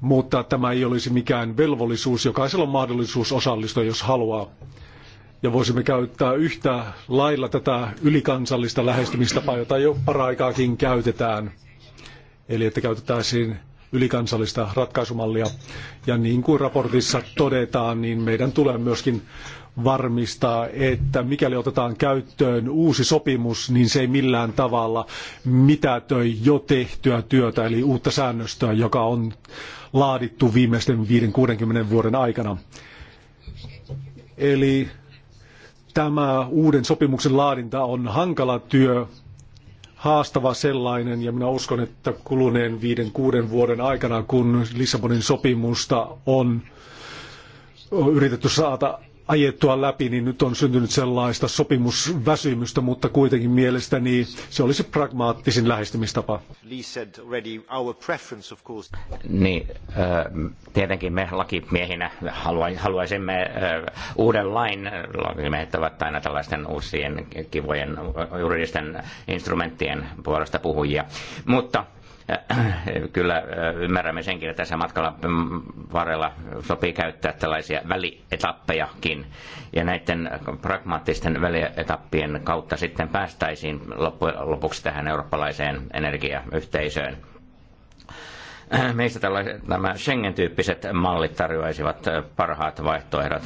mutta tämä ei olisi mikään velvollisuus. Jokaisella on mahdollisuus osallistua, jos haluaa. Ja voisimme käyttää yhtä lailla tätä ylikansallista lähestymistapaa, jota jo paraikaakin käytetään. Eli että käytettäisiin ylikansallista ratkaisumallia. Ja niin kuin raportissa todetaan, niin meidän tulee myöskin varmistaa, että mikäli otetaan käyttöön uusi sopimus, niin se ei millään tavalla mitätöi jo tehtyä työtä, eli uutta säännöstöä, joka on laadittu viimeisten 5-60 vuoden aikana. Eli tämä uuden sopimuksen laadinta on hankala työ, haastava sellainen, ja minä uskon, että kuluneen viiden vuoden aikana, kun Lissabonin sopimusta on yritetty saada ajettua läpi, niin nyt on syntynyt sellaista sopimusväsymystä, mutta kuitenkin mielestäni se olisi pragmaattisin lähestymistapa. Niin, äh, tietenkin me lakimiehinä haluaisimme äh, uuden lain, lakimiehet ovat aina tällaisten uusien kivojen juridisten instrumenttien puolesta puhujia, mutta Äh, kyllä äh, ymmärrämme senkin, että tässä matkalla mm, varrella sopii käyttää tällaisia välietappejakin. Ja näiden pragmaattisten välietappien kautta sitten päästäisiin lopuksi tähän eurooppalaiseen energiayhteisöön. Meistä tällaiset, nämä Schengen-tyyppiset mallit tarjoaisivat äh, parhaat vaihtoehdot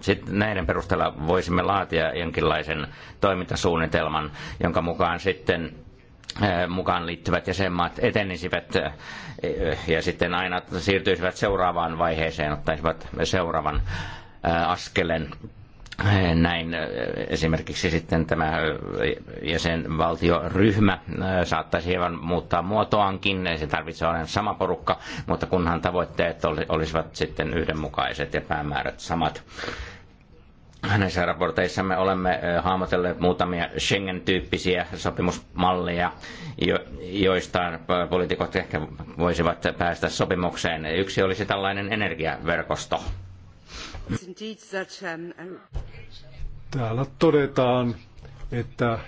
sitten näiden perusteella voisimme laatia jonkinlaisen toimintasuunnitelman, jonka mukaan sitten Äh, mukaan liittyvät jäsenmaat etenisivät äh, ja sitten aina siirtyisivät seuraavaan vaiheeseen, ottaisivat seuraavan äh, askelen. Näin esimerkiksi sitten tämä jäsenvaltioryhmä saattaisi hieman muuttaa muotoankin, ei se tarvitse olla sama porukka, mutta kunhan tavoitteet olisivat sitten yhdenmukaiset ja päämäärät samat. Näissä raporteissa olemme hahmotelleet muutamia Schengen-tyyppisiä sopimusmalleja, joista poliitikot ehkä voisivat päästä sopimukseen. Yksi olisi tällainen energiaverkosto. Täällä todetaan, että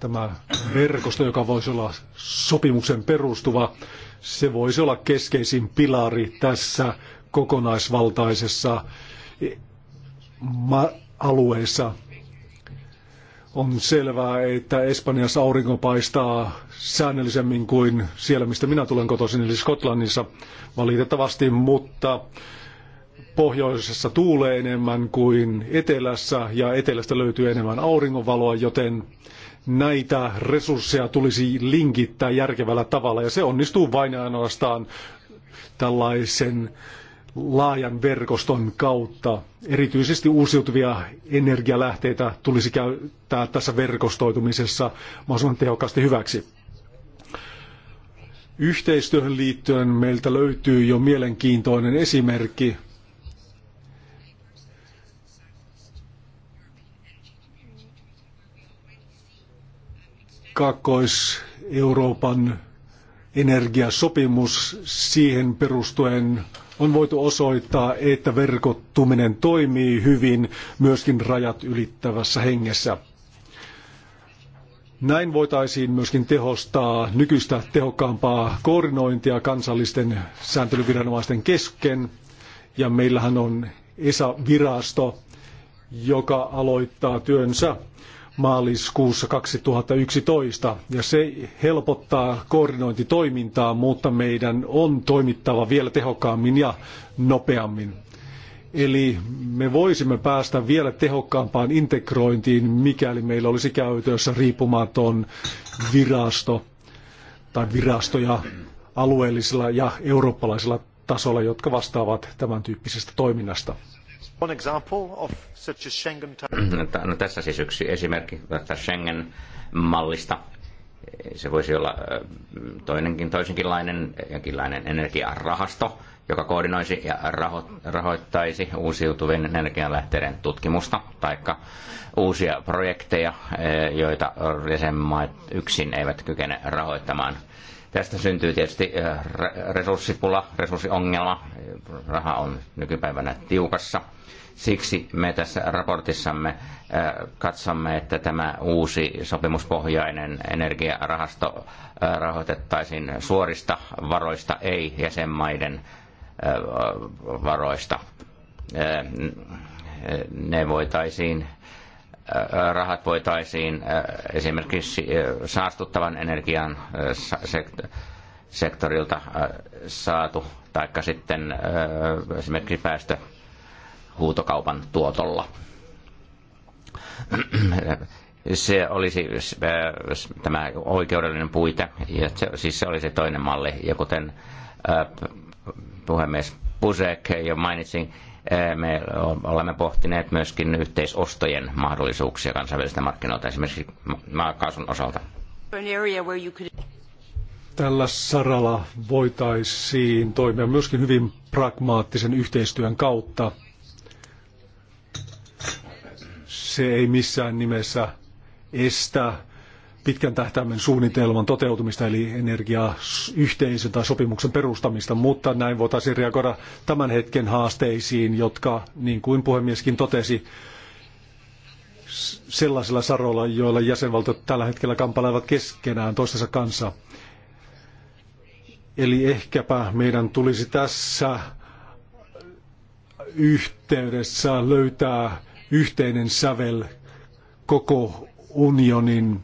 tämä verkosto, joka voisi olla sopimuksen perustuva, se voisi olla keskeisin pilari tässä kokonaisvaltaisessa e, ma- alueissa. On selvää, että Espanjassa aurinko paistaa säännöllisemmin kuin siellä, mistä minä tulen kotoisin, eli Skotlannissa valitettavasti, mutta pohjoisessa tuulee enemmän kuin etelässä ja etelästä löytyy enemmän auringonvaloa, joten näitä resursseja tulisi linkittää järkevällä tavalla ja se onnistuu vain ja ainoastaan tällaisen laajan verkoston kautta. Erityisesti uusiutuvia energialähteitä tulisi käyttää tässä verkostoitumisessa mahdollisimman tehokkaasti hyväksi. Yhteistyöhön liittyen meiltä löytyy jo mielenkiintoinen esimerkki. Kakkois-Euroopan energiasopimus siihen perustuen on voitu osoittaa, että verkottuminen toimii hyvin myöskin rajat ylittävässä hengessä. Näin voitaisiin myöskin tehostaa nykyistä tehokkaampaa koordinointia kansallisten sääntelyviranomaisten kesken. Ja meillähän on ESA-virasto, joka aloittaa työnsä maaliskuussa 2011 ja se helpottaa koordinointitoimintaa, mutta meidän on toimittava vielä tehokkaammin ja nopeammin. Eli me voisimme päästä vielä tehokkaampaan integrointiin, mikäli meillä olisi käytössä riippumaton virasto tai virastoja alueellisella ja eurooppalaisella tasolla, jotka vastaavat tämän tyyppisestä toiminnasta. No, tässä siis yksi esimerkki tästä Schengen-mallista. Se voisi olla toinenkin, toisenkinlainen jonkinlainen energiarahasto, joka koordinoisi ja raho, rahoittaisi uusiutuvien energianlähteiden tutkimusta tai uusia projekteja, joita jäsenmaat yksin eivät kykene rahoittamaan. Tästä syntyy tietysti resurssipula, resurssiongelma. Raha on nykypäivänä tiukassa Siksi me tässä raportissamme äh, katsomme, että tämä uusi sopimuspohjainen energiarahasto äh, rahoitettaisiin suorista varoista, ei jäsenmaiden äh, varoista. Ne voitaisiin rahat voitaisiin esimerkiksi saastuttavan energian sektorilta saatu, taikka sitten esimerkiksi päästö huutokaupan tuotolla. Se olisi tämä oikeudellinen puite, ja se, siis se olisi toinen malli. Ja kuten puhemies Pusek jo mainitsin, me olemme pohtineet myöskin yhteisostojen mahdollisuuksia kansainvälistä markkinoilta, esimerkiksi maakaasun osalta. Tällä saralla voitaisiin toimia myöskin hyvin pragmaattisen yhteistyön kautta. se ei missään nimessä estä pitkän tähtäimen suunnitelman toteutumista, eli energiayhteisön tai sopimuksen perustamista, mutta näin voitaisiin reagoida tämän hetken haasteisiin, jotka, niin kuin puhemieskin totesi, sellaisilla saroilla, joilla jäsenvaltiot tällä hetkellä kamppailevat keskenään toistensa kanssa. Eli ehkäpä meidän tulisi tässä yhteydessä löytää yhteinen sävel koko unionin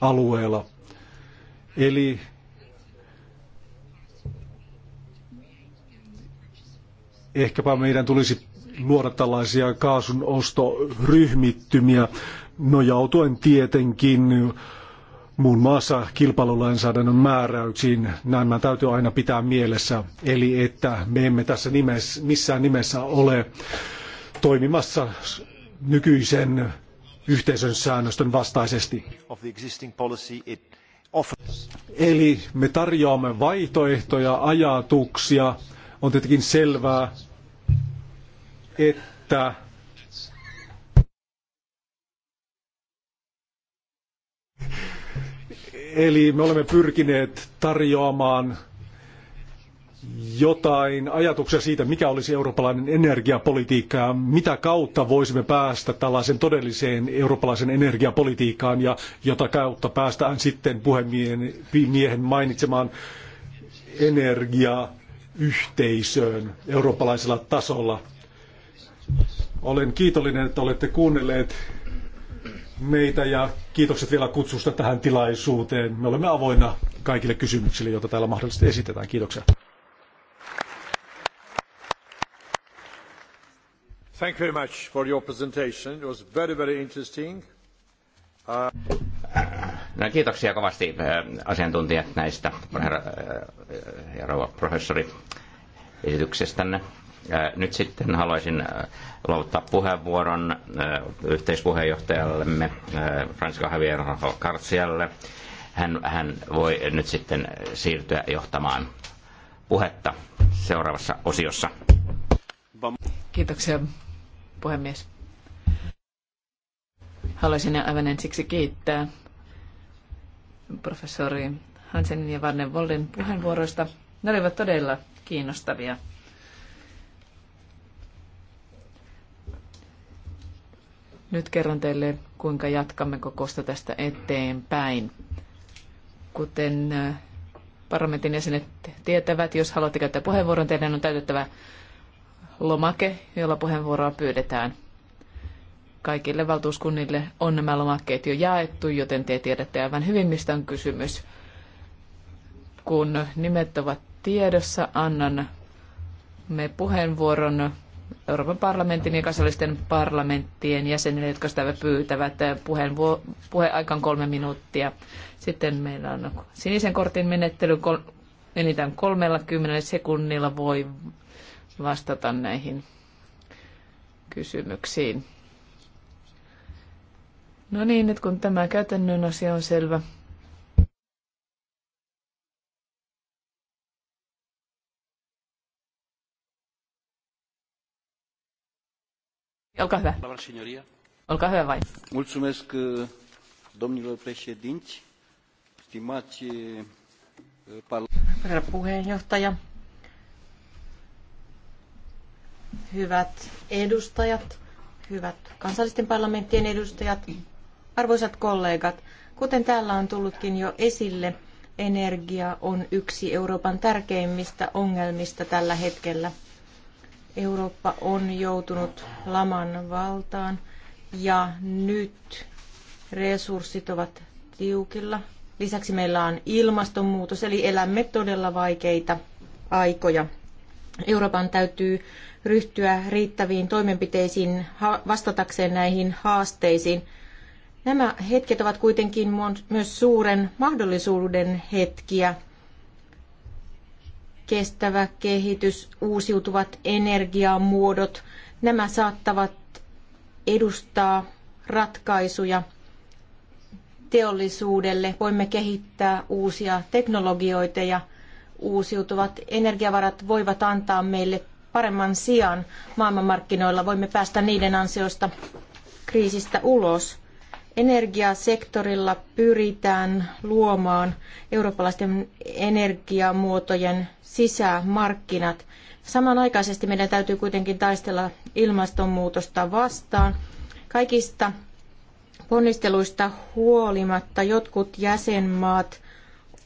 alueella. Eli ehkäpä meidän tulisi luoda tällaisia kaasun ostoryhmittymiä, nojautuen tietenkin muun muassa kilpailulainsäädännön määräyksiin. Nämä täytyy aina pitää mielessä, eli että me emme tässä nimessä, missään nimessä ole toimimassa nykyisen yhteisön säännöstön vastaisesti. Eli me tarjoamme vaihtoehtoja, ajatuksia. On tietenkin selvää, että Eli me olemme pyrkineet tarjoamaan jotain ajatuksia siitä, mikä olisi eurooppalainen energiapolitiikka ja mitä kautta voisimme päästä tällaisen todelliseen eurooppalaisen energiapolitiikkaan ja jota kautta päästään sitten puhemiehen mainitsemaan energiayhteisöön eurooppalaisella tasolla. Olen kiitollinen, että olette kuunnelleet meitä ja kiitokset vielä kutsusta tähän tilaisuuteen. Me olemme avoinna kaikille kysymyksille, joita täällä mahdollisesti esitetään. Kiitoksia. Thank you very much for your presentation. It was very, very interesting. Uh... No, kiitoksia kovasti uh, asiantuntijat näistä, herra, herra uh, uh, professori, esityksestänne. Nyt sitten haluaisin luovuttaa puheenvuoron yhteispuheenjohtajallemme Francisco Javier Kartsialle. Hän, hän voi nyt sitten siirtyä johtamaan puhetta seuraavassa osiossa. Kiitoksia puhemies. Haluaisin aivan ensiksi kiittää professori Hansenin ja Varne Volden puheenvuoroista. Ne olivat todella kiinnostavia. Nyt kerron teille, kuinka jatkamme kokousta tästä eteenpäin. Kuten äh, parlamentin jäsenet tietävät, jos haluatte käyttää puheenvuoron, teidän on täytettävä lomake, jolla puheenvuoroa pyydetään. Kaikille valtuuskunnille on nämä lomakkeet jo jaettu, joten te tiedätte aivan hyvin, mistä on kysymys. Kun nimet ovat tiedossa, annan me puheenvuoron Euroopan parlamentin ja kansallisten parlamenttien jäsenille, jotka sitä pyytävät puheenvuo- puheaikaan kolme minuuttia. Sitten meillä on sinisen kortin menettely kol- enintään 30 sekunnilla voi vastata näihin kysymyksiin. No niin, nyt kun tämä käytännön asia on selvä. Olkaa hyvä. Olkaa hyvä vain. Mulțumesc, domnilor președinți, stimați eh, Herra puheenjohtaja, hyvät edustajat, hyvät kansallisten parlamenttien edustajat, arvoisat kollegat. Kuten täällä on tullutkin jo esille, energia on yksi Euroopan tärkeimmistä ongelmista tällä hetkellä. Eurooppa on joutunut laman valtaan ja nyt resurssit ovat tiukilla. Lisäksi meillä on ilmastonmuutos, eli elämme todella vaikeita aikoja. Euroopan täytyy ryhtyä riittäviin toimenpiteisiin vastatakseen näihin haasteisiin. Nämä hetket ovat kuitenkin myös suuren mahdollisuuden hetkiä. Kestävä kehitys, uusiutuvat energiamuodot, nämä saattavat edustaa ratkaisuja teollisuudelle. Voimme kehittää uusia teknologioita ja uusiutuvat energiavarat voivat antaa meille paremman sijan maailmanmarkkinoilla. Voimme päästä niiden ansiosta kriisistä ulos. Energiasektorilla pyritään luomaan eurooppalaisten energiamuotojen sisämarkkinat. Samanaikaisesti meidän täytyy kuitenkin taistella ilmastonmuutosta vastaan. Kaikista ponnisteluista huolimatta jotkut jäsenmaat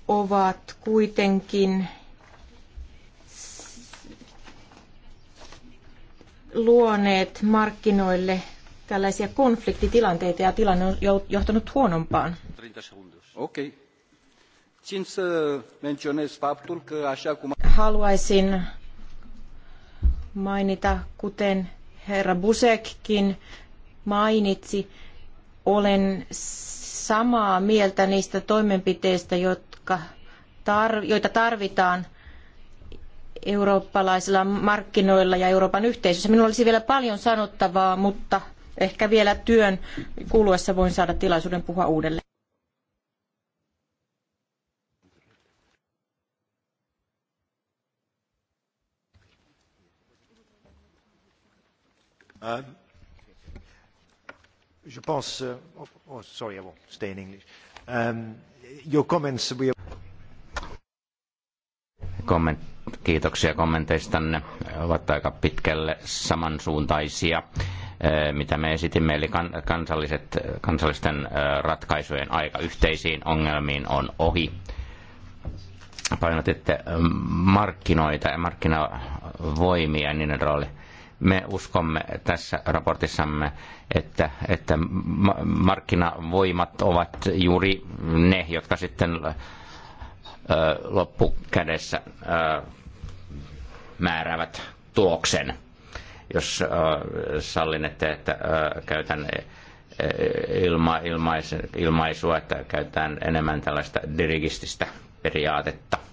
ovat kuitenkin luoneet markkinoille tällaisia konfliktitilanteita ja tilanne on johtanut huonompaan. Haluaisin mainita, kuten herra Busekkin mainitsi, olen samaa mieltä niistä toimenpiteistä, jotka joita tarvitaan eurooppalaisilla markkinoilla ja Euroopan yhteisössä. Minulla olisi vielä paljon sanottavaa, mutta ehkä vielä työn kuluessa voin saada tilaisuuden puhua uudelleen. Uh, je pense, uh, oh, oh, sorry, I won't stay in English. Um, your comments we... Comment, kiitoksia kommenteistanne. Ovat aika pitkälle samansuuntaisia, eh, mitä me esitimme. Eli kansalliset, kansallisten eh, ratkaisujen aika yhteisiin ongelmiin on ohi painotitte eh, markkinoita ja markkinavoimia ja niiden rooli – me uskomme tässä raportissamme, että, että markkinavoimat ovat juuri ne, jotka sitten loppukädessä määräävät tuloksen. Jos sallinette, että käytän ilma, ilmais, ilmaisua, että käytetään enemmän tällaista dirigististä periaatetta –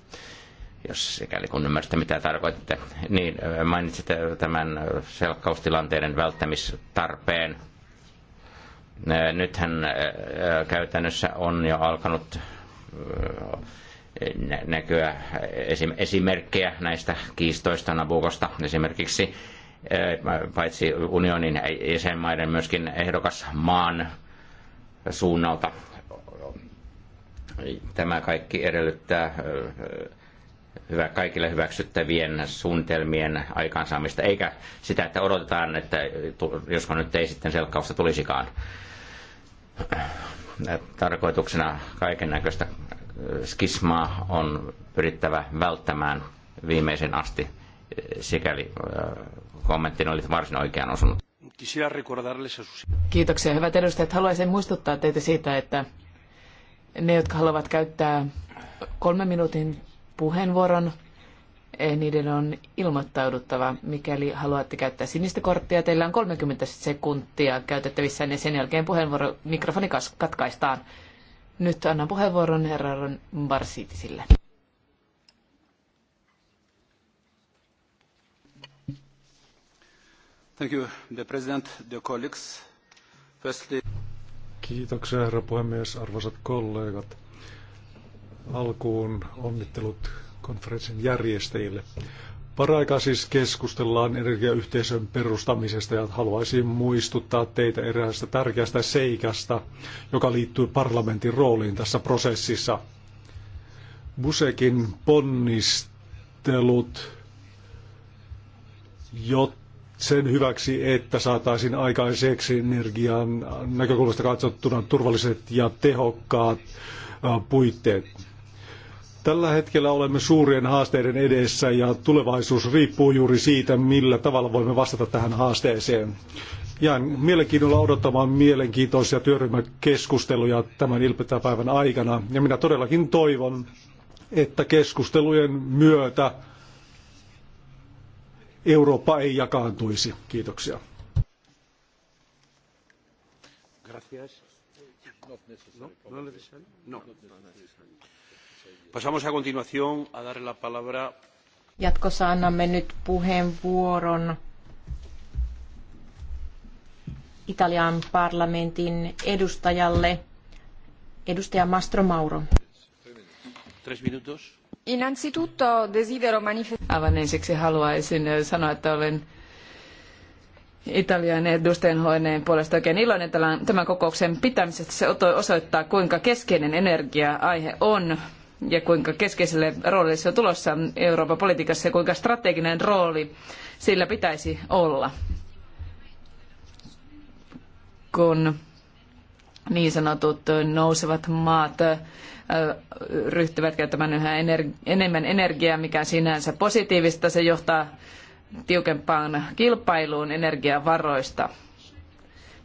jos sikäli kun ymmärsitte mitä tarkoititte, niin mainitsitte tämän selkkaustilanteiden välttämistarpeen. Nythän käytännössä on jo alkanut näkyä esimerkkejä näistä kiistoista Nabukosta esimerkiksi paitsi unionin jäsenmaiden myöskin ehdokasmaan suunnalta. Tämä kaikki edellyttää hyvä, kaikille hyväksyttävien suunnitelmien aikaansaamista, eikä sitä, että odotetaan, että josko nyt ei sitten selkkausta tulisikaan. Äh, tarkoituksena kaiken näköistä äh, skismaa on pyrittävä välttämään viimeisen asti. Äh, sikäli kommenttini oli varsin oikean osunut. Kiitoksia, hyvät edustajat. Haluaisin muistuttaa teitä siitä, että ne, jotka haluavat käyttää kolmen minuutin puheenvuoron, eh, niiden on ilmoittauduttava, mikäli haluatte käyttää sinistä korttia. Teillä on 30 sekuntia käytettävissä ja sen jälkeen puheenvuoro, mikrofoni katkaistaan. Nyt annan puheenvuoron herran Barsiitisille. Thank you, the president, the colleagues. Firstly... Kiitoksia herra puhemies, arvoisat kollegat. Alkuun onnittelut konferenssin järjestäjille. Paraikaa siis keskustellaan energiayhteisön perustamisesta ja haluaisin muistuttaa teitä eräästä tärkeästä seikasta, joka liittyy parlamentin rooliin tässä prosessissa. Busekin ponnistelut, jo sen hyväksi, että saataisiin aikaiseksi energian näkökulmasta katsottuna turvalliset ja tehokkaat puitteet. Tällä hetkellä olemme suurien haasteiden edessä ja tulevaisuus riippuu juuri siitä, millä tavalla voimme vastata tähän haasteeseen. Jään mielenkiinnolla odottamaan mielenkiintoisia työryhmäkeskusteluja tämän ilpintäpäivän aikana. Ja minä todellakin toivon, että keskustelujen myötä Eurooppa ei jakaantuisi. Kiitoksia. Gracias. No, no, no, Pasamos a continuación a darle la palabra. Jatkossa annamme nyt puheenvuoron Italian parlamentin edustajalle, edustaja Mastro Mauro. Tres minutos. Innanzitutto desidero manifestare. Aivan ensiksi haluaisin sanoa, että olen Italian edustajanhuoneen puolesta oikein iloinen tämän kokouksen pitämisestä. Se osoittaa, kuinka keskeinen energia-aihe on ja kuinka keskeiselle roolille se on tulossa Euroopan politiikassa ja kuinka strateginen rooli sillä pitäisi olla. Kun niin sanotut nousevat maat ryhtyvät käyttämään yhä enemmän energiaa, mikä on sinänsä positiivista. Se johtaa tiukempaan kilpailuun energiavaroista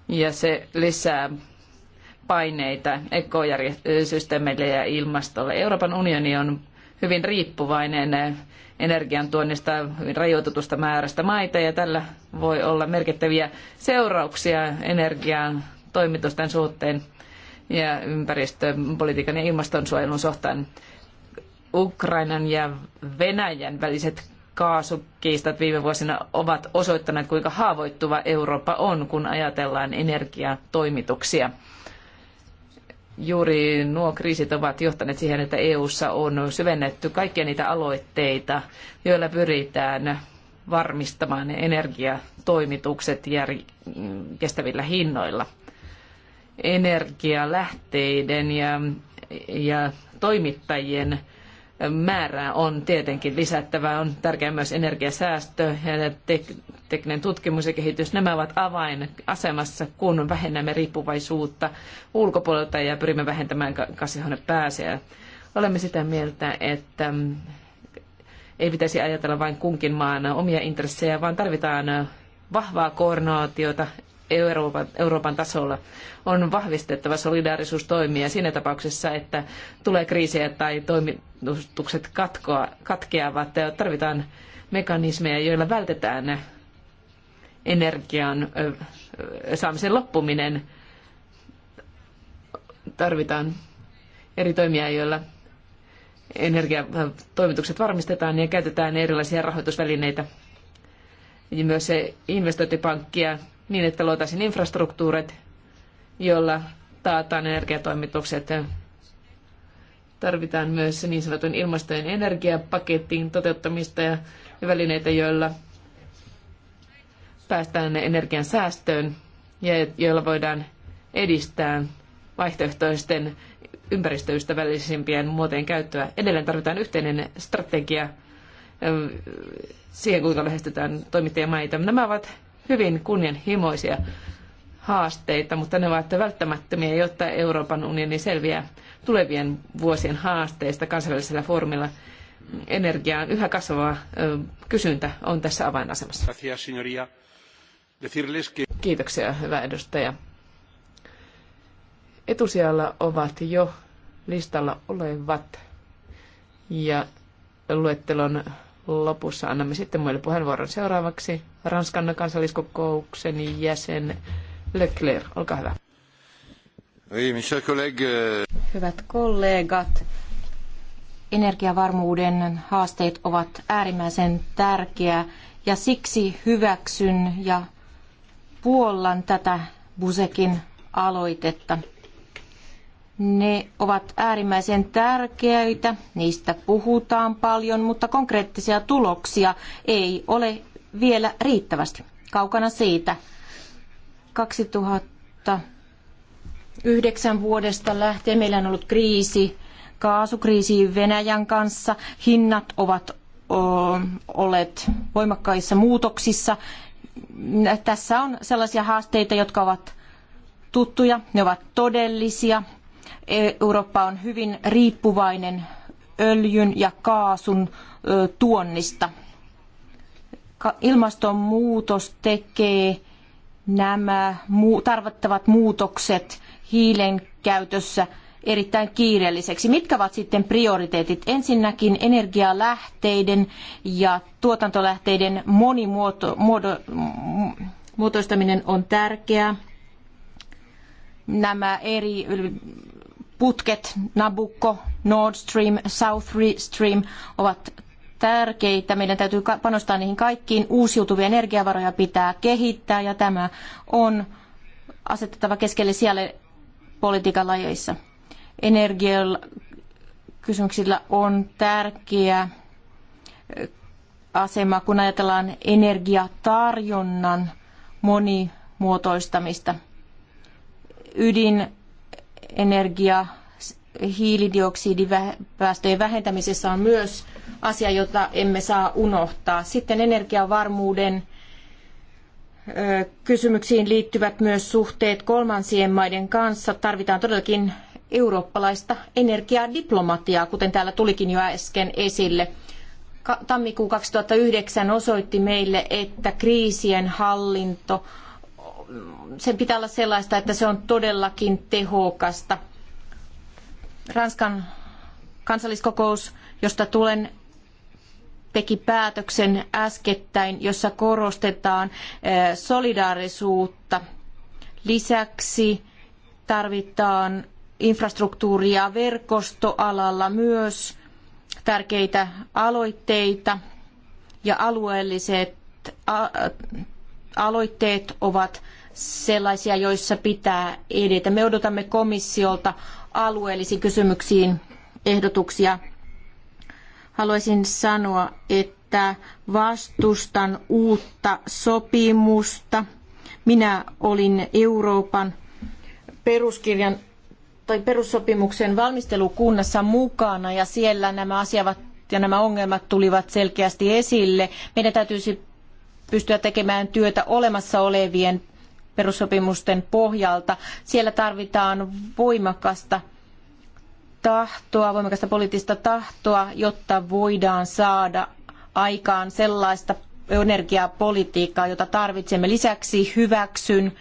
ja se lisää paineita ekosysteemeille ja ilmastolle. Euroopan unioni on hyvin riippuvainen energiantuonnista hyvin rajoitetusta määrästä maita ja tällä voi olla merkittäviä seurauksia energian toimitusten suhteen ja ympäristöpolitiikan ja ilmastonsuojelun suhteen. Ukrainan ja Venäjän väliset kaasukiistat viime vuosina ovat osoittaneet, kuinka haavoittuva Eurooppa on, kun ajatellaan energiatoimituksia. toimituksia. Juuri nuo kriisit ovat johtaneet siihen, että EU:ssa on syvennetty kaikkia niitä aloitteita, joilla pyritään varmistamaan energiatoimitukset jär- kestävillä hinnoilla. Energialähteiden ja, ja toimittajien määrää on tietenkin lisättävä. On tärkeää myös energiasäästö ja tekninen tutkimus ja kehitys, nämä ovat avainasemassa, kun vähennämme riippuvaisuutta ulkopuolelta ja pyrimme vähentämään kasvihuonepääsiä. Olemme sitä mieltä, että mm, ei pitäisi ajatella vain kunkin maan omia intressejä, vaan tarvitaan vahvaa koordinaatiota Euroopan, Euroopan tasolla. On vahvistettava solidaarisuustoimia siinä tapauksessa, että tulee kriisejä tai toimitukset katkoa, katkeavat. Tarvitaan mekanismeja, joilla vältetään energian saamisen loppuminen. Tarvitaan eri toimia, joilla energiatoimitukset varmistetaan ja käytetään erilaisia rahoitusvälineitä ja myös se investointipankkia niin, että luotaisiin infrastruktuurit, joilla taataan energiatoimitukset. Tarvitaan myös niin sanotun ilmastojen energiapakettiin toteuttamista ja välineitä, joilla päästään energian säästöön ja joilla voidaan edistää vaihtoehtoisten ympäristöystävällisimpien muotojen käyttöä. Edelleen tarvitaan yhteinen strategia eh, siihen, kuinka lähestytään toimittajamaita. Nämä ovat hyvin kunnianhimoisia haasteita, mutta ne ovat välttämättömiä, jotta Euroopan unioni selviää tulevien vuosien haasteista kansainvälisellä foorumilla. Energiaan yhä kasvava eh, kysyntä on tässä avainasemassa. Gracias, Kiitoksia, hyvä edustaja. Etusijalla ovat jo listalla olevat ja luettelon lopussa annamme sitten muille puheenvuoron seuraavaksi. Ranskan kansalliskokouksen jäsen Leclerc, olkaa hyvä. Hyvät kollegat, energiavarmuuden haasteet ovat äärimmäisen tärkeä ja siksi hyväksyn ja puollan tätä Busekin aloitetta. Ne ovat äärimmäisen tärkeitä, niistä puhutaan paljon, mutta konkreettisia tuloksia ei ole vielä riittävästi. Kaukana siitä 2009 vuodesta lähtien meillä on ollut kriisi, kaasukriisi Venäjän kanssa, hinnat ovat olleet voimakkaissa muutoksissa tässä on sellaisia haasteita, jotka ovat tuttuja, ne ovat todellisia. Eurooppa on hyvin riippuvainen öljyn ja kaasun tuonnista. Ilmastonmuutos tekee nämä tarvittavat muutokset hiilen käytössä erittäin kiireelliseksi. Mitkä ovat sitten prioriteetit? Ensinnäkin energialähteiden ja tuotantolähteiden monimuotoistaminen on tärkeää. Nämä eri putket, Nabucco, Nord Stream, South Stream ovat tärkeitä. Meidän täytyy panostaa niihin kaikkiin. Uusiutuvia energiavaroja pitää kehittää ja tämä on asetettava keskelle siellä politiikan lajeissa energiakysymyksillä kysymyksillä on tärkeä asema, kun ajatellaan energiatarjonnan monimuotoistamista. Ydinenergia hiilidioksidipäästöjen vähentämisessä on myös asia, jota emme saa unohtaa. Sitten energiavarmuuden kysymyksiin liittyvät myös suhteet kolmansien maiden kanssa. Tarvitaan todellakin eurooppalaista energiadiplomatiaa, kuten täällä tulikin jo äsken esille. Tammikuu 2009 osoitti meille, että kriisien hallinto, sen pitää olla sellaista, että se on todellakin tehokasta. Ranskan kansalliskokous, josta tulen, teki päätöksen äskettäin, jossa korostetaan eh, solidaarisuutta. Lisäksi tarvitaan infrastruktuuria verkostoalalla myös tärkeitä aloitteita ja alueelliset aloitteet ovat sellaisia, joissa pitää edetä. Me odotamme komissiolta alueellisiin kysymyksiin ehdotuksia. Haluaisin sanoa, että vastustan uutta sopimusta. Minä olin Euroopan peruskirjan tai perussopimuksen valmistelukunnassa mukana ja siellä nämä asiat ja nämä ongelmat tulivat selkeästi esille. Meidän täytyisi pystyä tekemään työtä olemassa olevien perussopimusten pohjalta. Siellä tarvitaan voimakasta tahtoa, voimakasta poliittista tahtoa, jotta voidaan saada aikaan sellaista energiapolitiikkaa, jota tarvitsemme. Lisäksi hyväksyn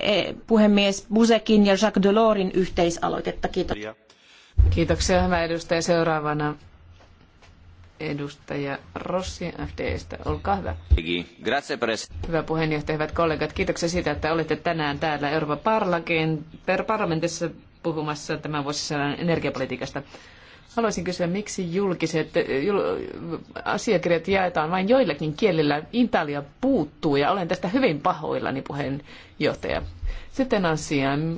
Eh, puhemies Busekin ja Jacques Delorsin yhteisaloitetta. Kiitos. Kiitoksia, hyvä edustaja. Seuraavana edustaja Rossi FDstä. Olkaa hyvä. Grazie per Hyvä puheenjohtaja, hyvät kollegat. Kiitoksia siitä, että olette tänään täällä Euroopan parlamentissa puhumassa tämän vuosisadan energiapolitiikasta. Haluaisin kysyä, miksi julkiset asiakirjat jaetaan vain joillakin kielillä. Italia puuttuu ja olen tästä hyvin pahoillani puheenjohtaja. Sitten asiaan.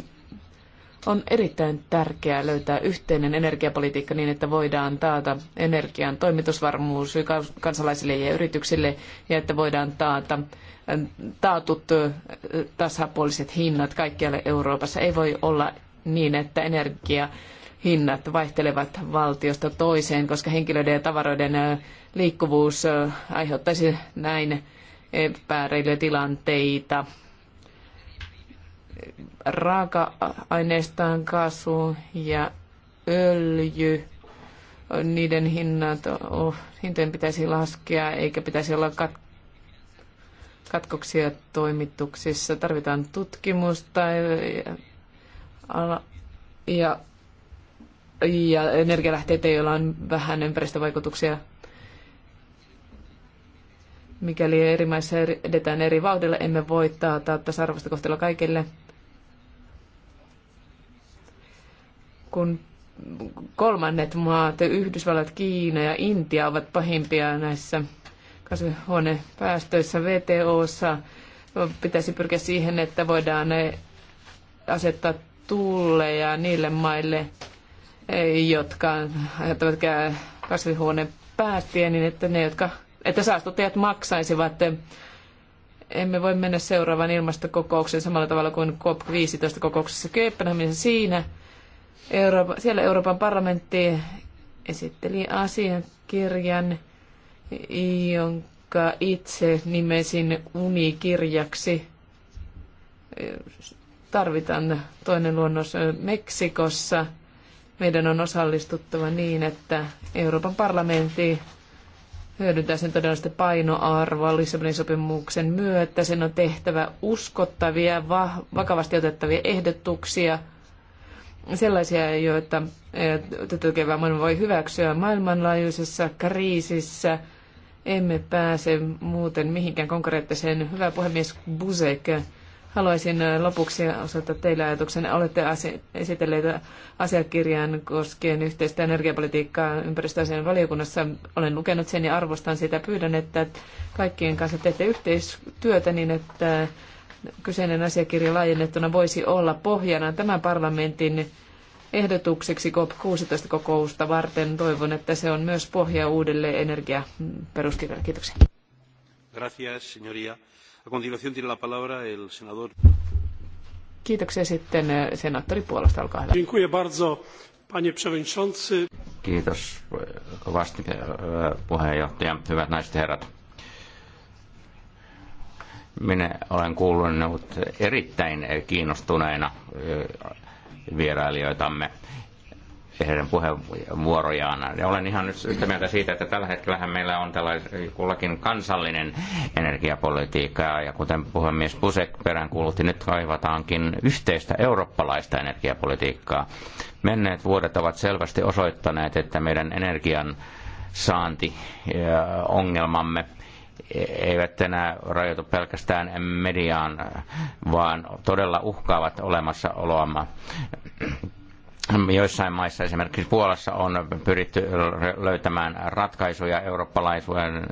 On erittäin tärkeää löytää yhteinen energiapolitiikka niin, että voidaan taata energian toimitusvarmuus kansalaisille ja yrityksille ja että voidaan taata taatut tasapuoliset hinnat kaikkialle Euroopassa. Ei voi olla niin, että energia hinnat vaihtelevat valtiosta toiseen, koska henkilöiden ja tavaroiden liikkuvuus aiheuttaisi näin tilanteita. Raaka-aineistaan kasvu ja öljy, niiden hinnat, oh, hintojen pitäisi laskea eikä pitäisi olla kat- katkoksia toimituksissa. Tarvitaan tutkimusta ja, ja ja energialähteitä, joilla on vähän ympäristövaikutuksia. Mikäli eri maissa edetään eri vauhdilla, emme voi taata tasa-arvoista kohtelua kaikille. Kun kolmannet maat, Yhdysvallat, Kiina ja Intia ovat pahimpia näissä kasvihuonepäästöissä VTOssa. Pitäisi pyrkiä siihen, että voidaan asettaa tulleja niille maille, jotka aiheuttavat kasvihuoneen päästöjä, niin että ne, jotka, että saastuttajat maksaisivat. Emme voi mennä seuraavaan ilmastokokoukseen samalla tavalla kuin COP15 kokouksessa Kööpenhaminassa siinä. Eurooppa, siellä Euroopan parlamentti esitteli asiakirjan, jonka itse nimesin unikirjaksi. Tarvitaan toinen luonnos Meksikossa – meidän on osallistuttava niin, että Euroopan parlamentti hyödyntää sen todellista painoarvoa Lissabonin sopimuksen myötä. Sen on tehtävä uskottavia, vakavasti otettavia ehdotuksia, sellaisia, joita eh, tekevä maailma voi hyväksyä maailmanlaajuisessa kriisissä. Emme pääse muuten mihinkään konkreettiseen. Hyvä puhemies Buzek, Haluaisin äh, lopuksi osoittaa teille ajatuksen. Olette esitelleet asiakirjan koskien yhteistä energiapolitiikkaa ympäristöasian valiokunnassa. Olen lukenut sen ja arvostan sitä. Pyydän, että kaikkien kanssa teette yhteistyötä niin, että kyseinen asiakirja laajennettuna voisi olla pohjana tämän parlamentin ehdotukseksi COP16 kokousta varten. Toivon, että se on myös pohja uudelle energiaperuskirjalle. Kiitoksia. Gracias, señoría. A continuación tiene la palabra el senador. Kiitoksia sitten eh, senaattori olkaa hyvä. Dziękuję bardzo, panie przewodniczący. Kiitos eh, kovasti eh, puheenjohtaja. Hyvät naiset ja herrat. Minä olen kuullut erittäin kiinnostuneena vierailijoitamme heidän puheenvuorojaan. Ja olen ihan nyt yhtä mieltä siitä, että tällä hetkellä meillä on tällainen kullakin kansallinen energiapolitiikka, ja kuten puhemies Pusek peräänkuulutti, nyt kaivataankin yhteistä eurooppalaista energiapolitiikkaa. Menneet vuodet ovat selvästi osoittaneet, että meidän energian saanti ongelmamme eivät enää rajoitu pelkästään mediaan, vaan todella uhkaavat olemassaoloamme. Joissain maissa, esimerkiksi Puolassa, on pyritty löytämään ratkaisuja eurooppalaisuuden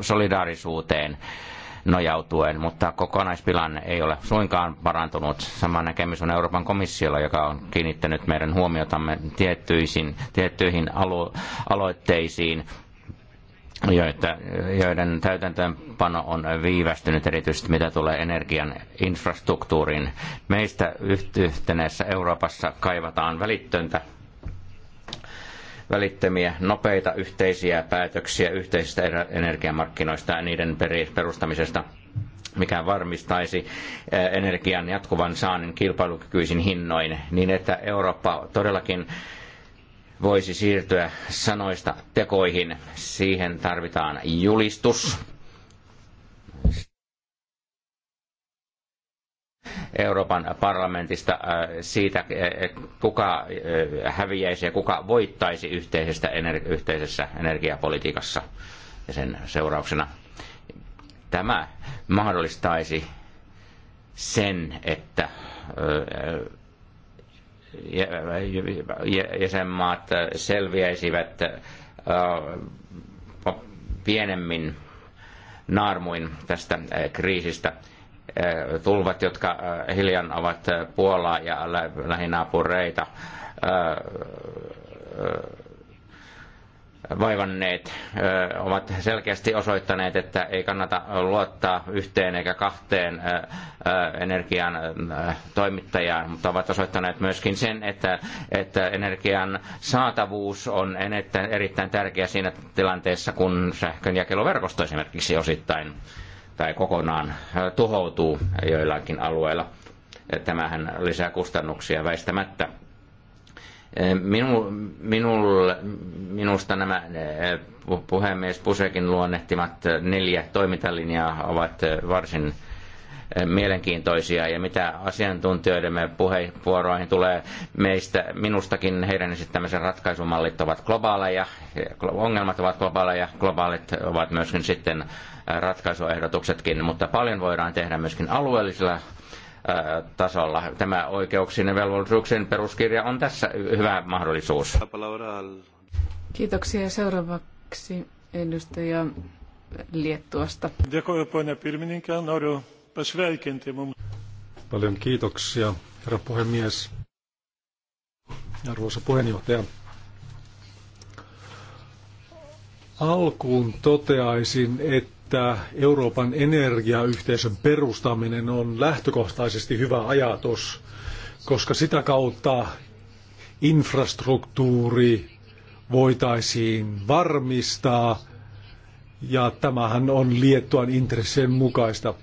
solidaarisuuteen nojautuen, mutta kokonaispilanne ei ole suinkaan parantunut. Sama näkemys on Euroopan komissiolla, joka on kiinnittänyt meidän huomiotamme tiettyihin, alo- aloitteisiin, joita, joiden täytäntöönpano on viivästynyt erityisesti mitä tulee energian infrastruktuuriin. Meistä yhteneessä Euroopassa kaivataan välittöntä välittömiä, nopeita yhteisiä päätöksiä yhteisistä energiamarkkinoista ja niiden perustamisesta, mikä varmistaisi energian jatkuvan saannin kilpailukykyisin hinnoin, niin että Eurooppa todellakin voisi siirtyä sanoista tekoihin. Siihen tarvitaan julistus. Euroopan parlamentista äh, siitä, äh, kuka äh, häviäisi ja kuka voittaisi yhteisestä ener- yhteisessä energiapolitiikassa ja sen seurauksena. Tämä mahdollistaisi sen, että jäsenmaat selviäisivät äh, pienemmin naarmuin tästä äh, kriisistä. Äh, tulvat, jotka hiljan ovat Puolaa ja lähinaapureita, vaivanneet, ovat selkeästi osoittaneet, että ei kannata luottaa yhteen eikä kahteen energian toimittajaan, mutta ovat osoittaneet myöskin sen, että, että energian saatavuus on erittäin tärkeä siinä tilanteessa, kun sähkön jakeluverkosto esimerkiksi osittain tai kokonaan tuhoutuu joillakin alueilla. Tämähän lisää kustannuksia väistämättä Eh, minu, minulle, minusta nämä eh, puhemies Pusekin luonnehtimat eh, neljä toimintalinjaa ovat varsin mielenkiintoisia ja mitä asiantuntijoidemme puheenvuoroihin tulee meistä, minustakin heidän esittämisen ratkaisumallit ovat globaaleja, ongelmat ovat globaaleja, globaalit ovat myöskin sitten ratkaisuehdotuksetkin, mutta paljon voidaan tehdä myöskin alueellisilla tasolla. Tämä oikeuksien ja velvollisuuksien peruskirja on tässä hyvä mahdollisuus. Kiitoksia. Seuraavaksi edustaja Liettuasta. Paljon kiitoksia, herra puhemies. Arvoisa puheenjohtaja, alkuun toteaisin, että että Euroopan energiayhteisön perustaminen on lähtökohtaisesti hyvä ajatus, koska sitä kautta infrastruktuuri voitaisiin varmistaa, ja tämähän on Liettuan intressien mukaista.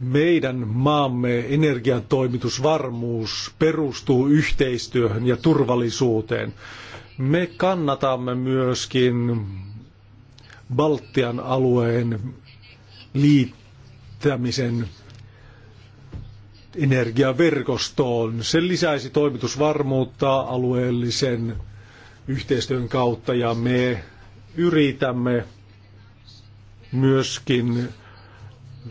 Meidän maamme energiantoimitusvarmuus perustuu yhteistyöhön ja turvallisuuteen. Me kannatamme myöskin Baltian alueen liittämisen energiaverkostoon. Se lisäisi toimitusvarmuutta alueellisen yhteistyön kautta ja me yritämme myöskin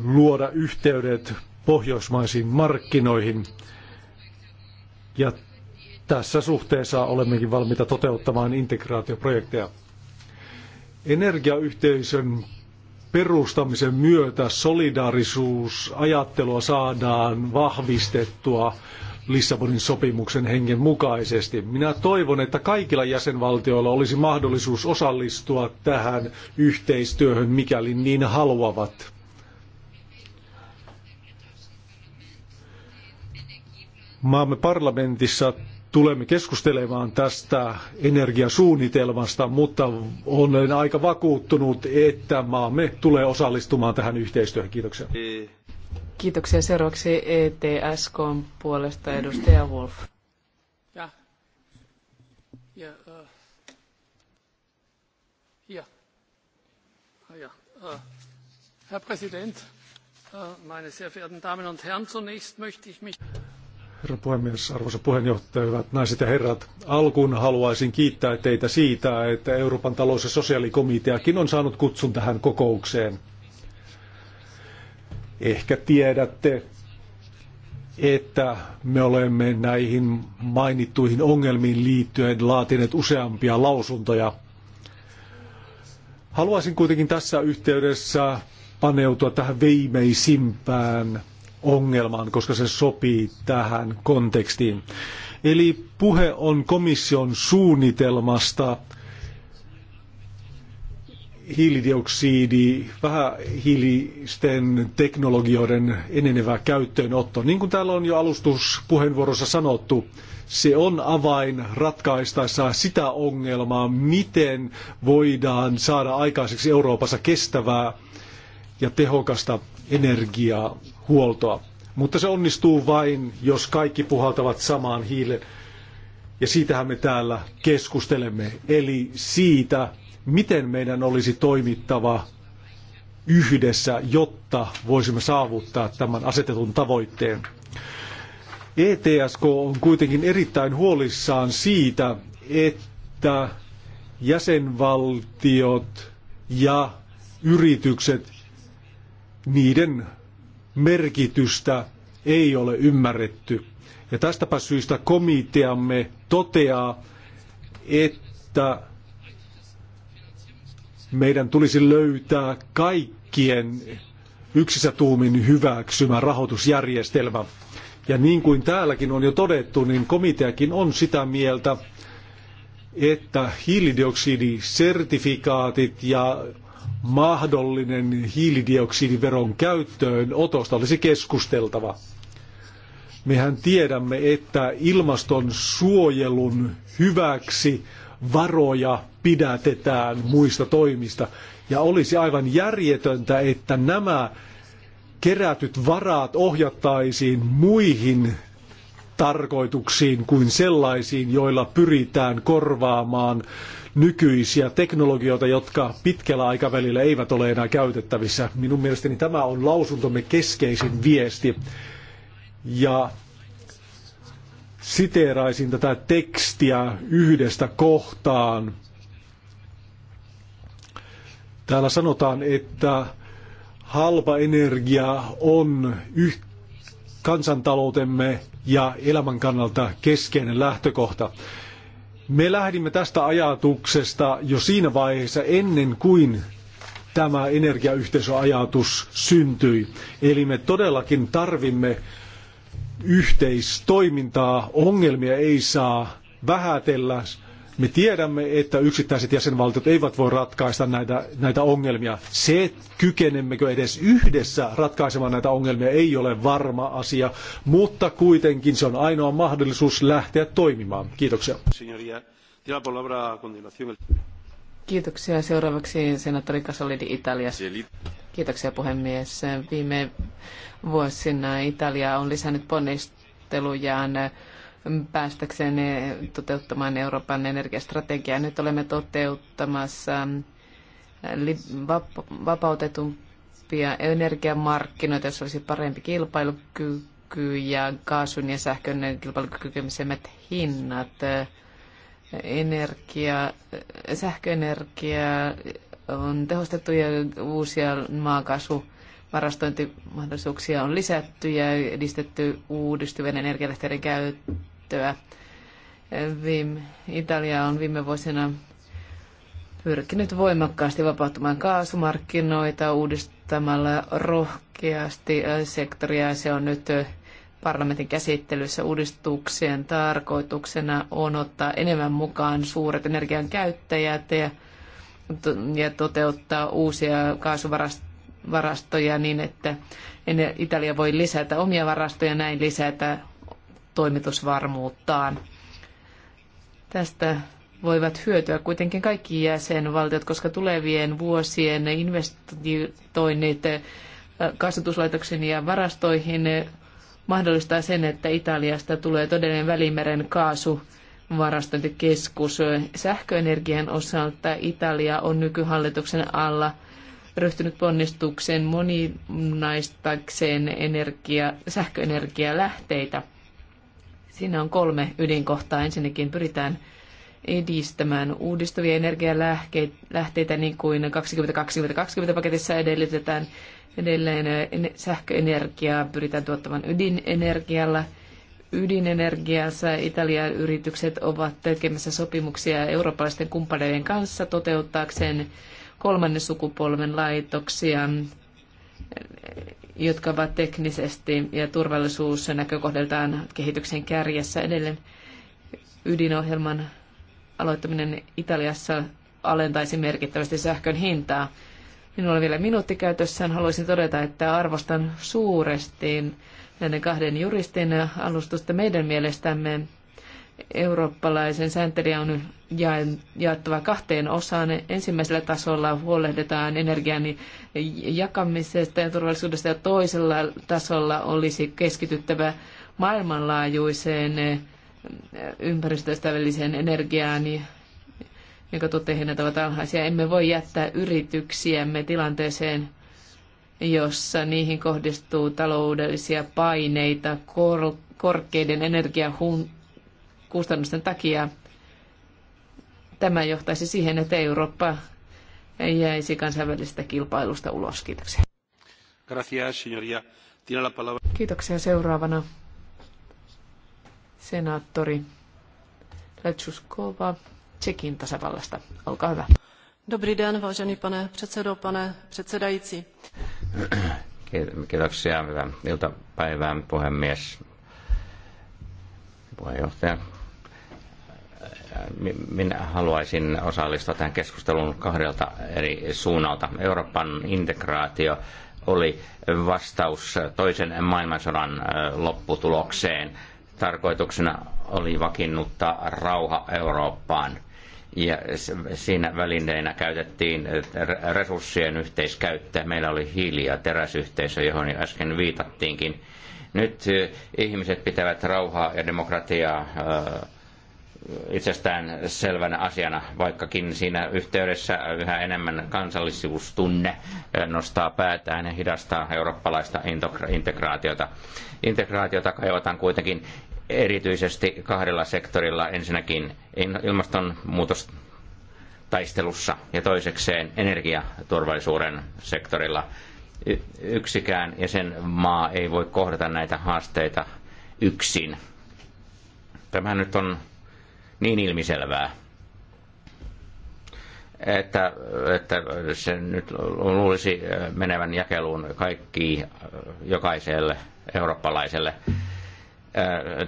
luoda yhteydet pohjoismaisiin markkinoihin. Ja tässä suhteessa olemmekin valmiita toteuttamaan integraatioprojekteja. Energiayhteisön perustamisen myötä solidaarisuusajattelua saadaan vahvistettua Lissabonin sopimuksen hengen mukaisesti. Minä toivon, että kaikilla jäsenvaltioilla olisi mahdollisuus osallistua tähän yhteistyöhön, mikäli niin haluavat. Maamme parlamentissa tulemme keskustelemaan tästä energiasuunnitelmasta, mutta olen aika vakuuttunut, että maamme tulee osallistumaan tähän yhteistyöhön. Kiitoksia. Kiitoksia. Seuraavaksi ETSK puolesta edustaja Wolf. Ja. Ja, uh. ja. ja. Uh. Äh. Herr Präsident, uh, meine sehr verehrten Damen und Herren, zunächst möchte ich mich herra puhemies, arvoisa puheenjohtaja, hyvät naiset ja herrat. Alkuun haluaisin kiittää teitä siitä, että Euroopan talous- ja sosiaalikomiteakin on saanut kutsun tähän kokoukseen. Ehkä tiedätte, että me olemme näihin mainittuihin ongelmiin liittyen laatineet useampia lausuntoja. Haluaisin kuitenkin tässä yhteydessä paneutua tähän viimeisimpään ongelmaan, koska se sopii tähän kontekstiin. Eli puhe on komission suunnitelmasta hiilidioksidi, vähähiilisten teknologioiden enenevä käyttöönotto. Niin kuin täällä on jo alustuspuheenvuorossa sanottu, se on avain ratkaistaessa sitä ongelmaa, miten voidaan saada aikaiseksi Euroopassa kestävää ja tehokasta energiaa huoltoa. Mutta se onnistuu vain, jos kaikki puhaltavat samaan hiilen. Ja siitähän me täällä keskustelemme. Eli siitä, miten meidän olisi toimittava yhdessä, jotta voisimme saavuttaa tämän asetetun tavoitteen. ETSK on kuitenkin erittäin huolissaan siitä, että jäsenvaltiot ja yritykset, niiden merkitystä ei ole ymmärretty. Ja tästäpä syystä komiteamme toteaa, että meidän tulisi löytää kaikkien yksissä tuumin hyväksymä rahoitusjärjestelmä. Ja niin kuin täälläkin on jo todettu, niin komiteakin on sitä mieltä, että hiilidioksidisertifikaatit ja mahdollinen hiilidioksidiveron käyttöön otosta olisi keskusteltava. Mehän tiedämme, että ilmaston suojelun hyväksi varoja pidätetään muista toimista. Ja olisi aivan järjetöntä, että nämä kerätyt varat ohjattaisiin muihin tarkoituksiin kuin sellaisiin, joilla pyritään korvaamaan nykyisiä teknologioita, jotka pitkällä aikavälillä eivät ole enää käytettävissä. Minun mielestäni tämä on lausuntomme keskeisin viesti. Ja siteeraisin tätä tekstiä yhdestä kohtaan. Täällä sanotaan, että halpa energia on yh- kansantaloutemme ja elämän kannalta keskeinen lähtökohta. Me lähdimme tästä ajatuksesta jo siinä vaiheessa ennen kuin tämä energiayhteisöajatus syntyi. Eli me todellakin tarvimme yhteistoimintaa, ongelmia ei saa vähätellä, me tiedämme, että yksittäiset jäsenvaltiot eivät voi ratkaista näitä, näitä ongelmia. Se, kykenemmekö edes yhdessä ratkaisemaan näitä ongelmia, ei ole varma asia, mutta kuitenkin se on ainoa mahdollisuus lähteä toimimaan. Kiitoksia. Kiitoksia. Seuraavaksi senaattori Casolidi Italiasta. Kiitoksia puhemies. Viime vuosina Italia on lisännyt ponnistelujaan päästäkseen toteuttamaan Euroopan energiastrategiaa. Nyt olemme toteuttamassa vapautetumpia energiamarkkinoita, jos olisi parempi kilpailukyky ja kaasun ja sähkön kilpailukykyisemmät hinnat. Energia, sähköenergia on tehostettu ja uusia maakaasu varastointimahdollisuuksia on lisätty ja edistetty uudistuvien energialähteiden käyttöä käyttöä. Italia on viime vuosina pyrkinyt voimakkaasti vapauttamaan kaasumarkkinoita uudistamalla rohkeasti äh, sektoria. Se on nyt äh, parlamentin käsittelyssä uudistuksien tarkoituksena on ottaa enemmän mukaan suuret energian käyttäjät ja, ja toteuttaa uusia kaasuvarastoja niin, että Italia voi lisätä omia varastoja näin lisätä toimitusvarmuuttaan. Tästä voivat hyötyä kuitenkin kaikki jäsenvaltiot, koska tulevien vuosien investoinnit kasvatuslaitoksiin ja varastoihin mahdollistaa sen, että Italiasta tulee todellinen välimeren kaasu varastointikeskus. Sähköenergian osalta Italia on nykyhallituksen alla ryhtynyt ponnistuksen moninaistakseen energia, sähköenergialähteitä. Siinä on kolme ydinkohtaa. Ensinnäkin pyritään edistämään uudistuvia energialähteitä, niin kuin 2020-2020 paketissa edellytetään. Edelleen sähköenergiaa pyritään tuottamaan ydinenergialla. Ydinenergiassa Italian yritykset ovat tekemässä sopimuksia eurooppalaisten kumppaneiden kanssa toteuttaakseen kolmannen sukupolven laitoksia jotka ovat teknisesti ja näkökohdeltaan kehityksen kärjessä edelleen. Ydinohjelman aloittaminen Italiassa alentaisi merkittävästi sähkön hintaa. Minulla on vielä minuutti käytössä. Haluaisin todeta, että arvostan suuresti näiden kahden juristin alustusta meidän mielestämme eurooppalaisen sääntelijä on jaettava kahteen osaan. Ensimmäisellä tasolla huolehditaan energian jakamisesta ja turvallisuudesta ja toisella tasolla olisi keskityttävä maailmanlaajuiseen eh, ympäristöystävälliseen energiaan, jonka tuotteihinnat ovat alhaisia. Emme voi jättää yrityksiämme tilanteeseen, jossa niihin kohdistuu taloudellisia paineita korkeiden energiahintojen kustannusten takia. Tämä johtaisi siihen, että Eurooppa ei jäisi kansainvälisestä kilpailusta ulos. Kiitoksia. Gracias, señoría. Tiene la palabra. Kiitoksia seuraavana. Senaattori Lechuskova Tsekin tasavallasta. Olkaa hyvä. Dobrý den, vážený pane předsedo, pane předsedající. Kiitoksia, hyvää iltapäivää, puhemies, puheenjohtaja, minä haluaisin osallistua tähän keskusteluun kahdelta eri suunnalta. Euroopan integraatio oli vastaus toisen maailmansodan äh, lopputulokseen. Tarkoituksena oli vakiinnuttaa rauha Eurooppaan. Ja siinä välineinä käytettiin äh, resurssien yhteiskäyttöä. Meillä oli hiili- ja teräsyhteisö, johon jo äsken viitattiinkin. Nyt äh, ihmiset pitävät rauhaa ja demokratiaa itsestään selvänä asiana, vaikkakin siinä yhteydessä yhä enemmän kansallisivustunne eh, nostaa päätään ja hidastaa eurooppalaista integraatiota. Integraatiota kaivataan kuitenkin erityisesti kahdella sektorilla. Ensinnäkin ilmastonmuutos taistelussa ja toisekseen energiaturvallisuuden sektorilla. Yksikään jäsenmaa ei voi kohdata näitä haasteita yksin. Tämä nyt on niin ilmiselvää, että, että se nyt luulisi menevän jakeluun kaikki jokaiselle eurooppalaiselle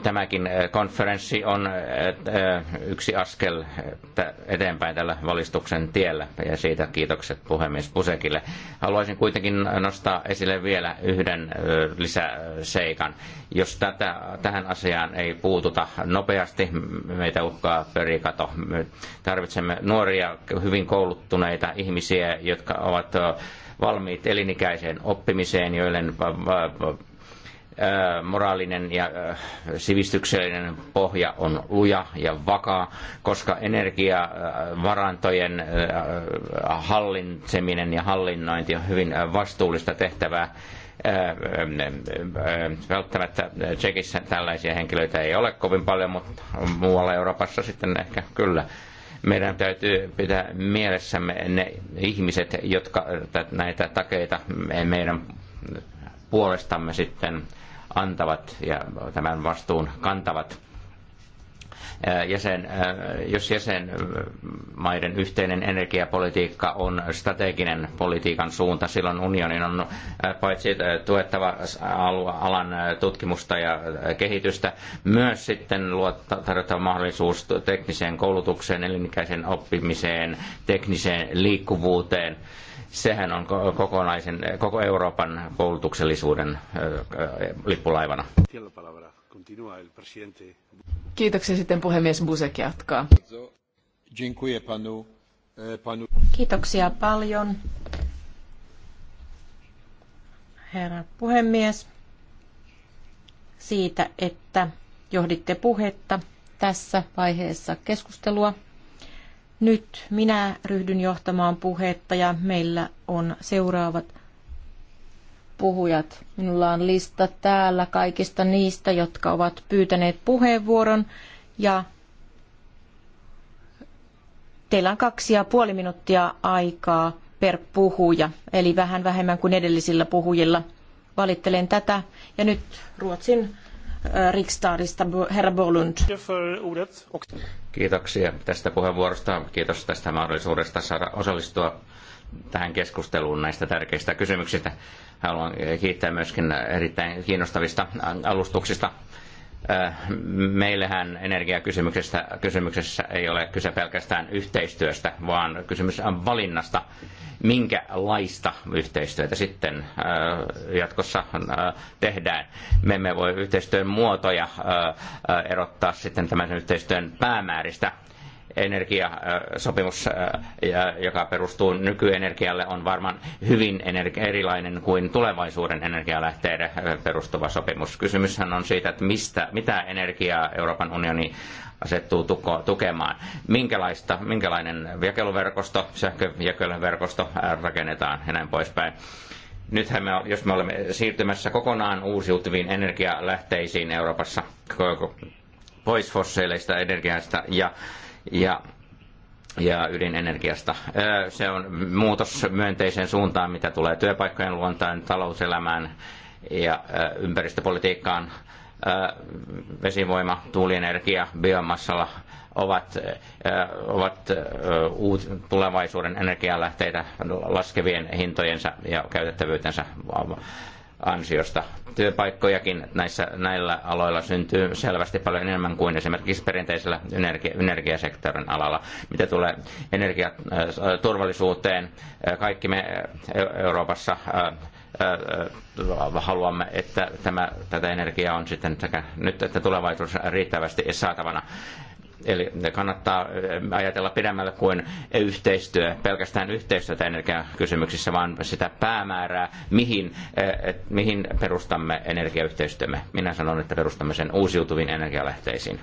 Tämäkin konferenssi on yksi askel eteenpäin tällä valistuksen tiellä, ja siitä kiitokset puhemies Pusekille. Haluaisin kuitenkin nostaa esille vielä yhden lisäseikan. Jos tätä, tähän asiaan ei puututa nopeasti, meitä uhkaa perikato. Me tarvitsemme nuoria, hyvin kouluttuneita ihmisiä, jotka ovat valmiit elinikäiseen oppimiseen, joille moraalinen ja sivistyksellinen pohja on luja ja vakaa, koska energiavarantojen hallitseminen ja hallinnointi on hyvin vastuullista tehtävää. Välttämättä Tsekissä tällaisia henkilöitä ei ole kovin paljon, mutta muualla Euroopassa sitten ehkä kyllä meidän täytyy pitää mielessämme ne ihmiset, jotka näitä takeita meidän puolestamme sitten antavat ja tämän vastuun kantavat. Jäsen, jos jäsenmaiden yhteinen energiapolitiikka on strateginen politiikan suunta, silloin unionin on paitsi tuettava alan tutkimusta ja kehitystä, myös sitten tarjottava mahdollisuus tekniseen koulutukseen, elinikäiseen oppimiseen, tekniseen liikkuvuuteen – Sehän on kokonaisen, koko Euroopan koulutuksellisuuden lippulaivana. Kiitoksia sitten puhemies Busek jatkaa. E, Kiitoksia paljon, herra puhemies, siitä, että johditte puhetta tässä vaiheessa keskustelua. Nyt minä ryhdyn johtamaan puhetta ja meillä on seuraavat puhujat. Minulla on lista täällä kaikista niistä, jotka ovat pyytäneet puheenvuoron ja teillä on kaksi ja puoli minuuttia aikaa per puhuja, eli vähän vähemmän kuin edellisillä puhujilla. Valittelen tätä ja nyt Ruotsin Äh, Riksdagista, herra Bolund. Kiitoksia tästä puheenvuorosta. Kiitos tästä mahdollisuudesta saada osallistua tähän keskusteluun näistä tärkeistä kysymyksistä. Haluan kiittää myöskin erittäin kiinnostavista alustuksista Äh, meillähän energiakysymyksestä kysymyksessä ei ole kyse pelkästään yhteistyöstä, vaan kysymys on valinnasta, minkälaista yhteistyötä sitten äh, jatkossa äh, tehdään. Me emme voi yhteistyön muotoja erottaa sitten tämän yhteistyön päämääristä energiasopimus, äh, joka perustuu nykyenergialle, on varmaan hyvin erilainen kuin tulevaisuuden energialähteiden äh, perustuva sopimus. Kysymyshän on siitä, että mistä, mitä energiaa Euroopan unioni asettuu tuko, tukemaan. Minkälaista, minkälainen jakeluverkosto, sähköjakeluverkosto äh, rakennetaan ja näin poispäin nythän me, jos me olemme siirtymässä kokonaan uusiutuviin energialähteisiin Euroopassa pois fossiileista energiasta ja ja ja ydinenergiasta. Se on muutos myönteiseen suuntaan, mitä tulee työpaikkojen luontaan, talouselämään ja ympäristöpolitiikkaan. Vesivoima, tuulienergia, biomassalla ovat, ovat tulevaisuuden energialähteitä laskevien hintojensa ja käytettävyytensä ansiosta. Työpaikkojakin näissä, näillä aloilla syntyy selvästi paljon enemmän kuin esimerkiksi perinteisellä energi- energiasektorin alalla. Mitä tulee energiaturvallisuuteen, äh, äh, kaikki me äh, Euroopassa haluamme, että tämä, tätä energiaa on sitten sekä nyt että tulevaisuudessa riittävästi saatavana. Eli kannattaa äh, ajatella pidemmällä kuin yhteistyö, pelkästään yhteistyötä energiakysymyksissä, vaan sitä päämäärää, mihin, äh, et, mihin perustamme energiayhteistyömme. Minä sanon, että perustamme sen uusiutuviin energialähteisiin.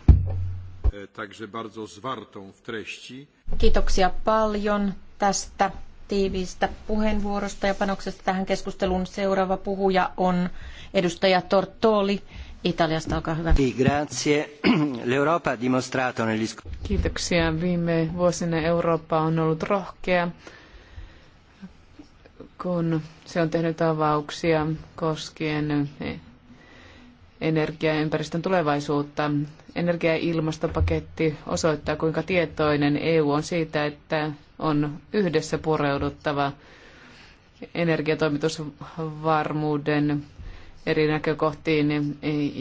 Kiitoksia paljon tästä tiiviistä puheenvuorosta ja panoksesta tähän keskusteluun. Seuraava puhuja on edustaja Tortoli Italiasta. Olkaa hyvä. Grazie. L'Europa ha dimostrato negli Kiitoksia. Viime vuosina Eurooppa on ollut rohkea, kun se on tehnyt avauksia koskien eh, energia- ja ympäristön tulevaisuutta. Energia- ja ilmastopaketti osoittaa, kuinka tietoinen EU on siitä, että on yhdessä pureuduttava energiatoimitusvarmuuden eri näkökohtiin eh,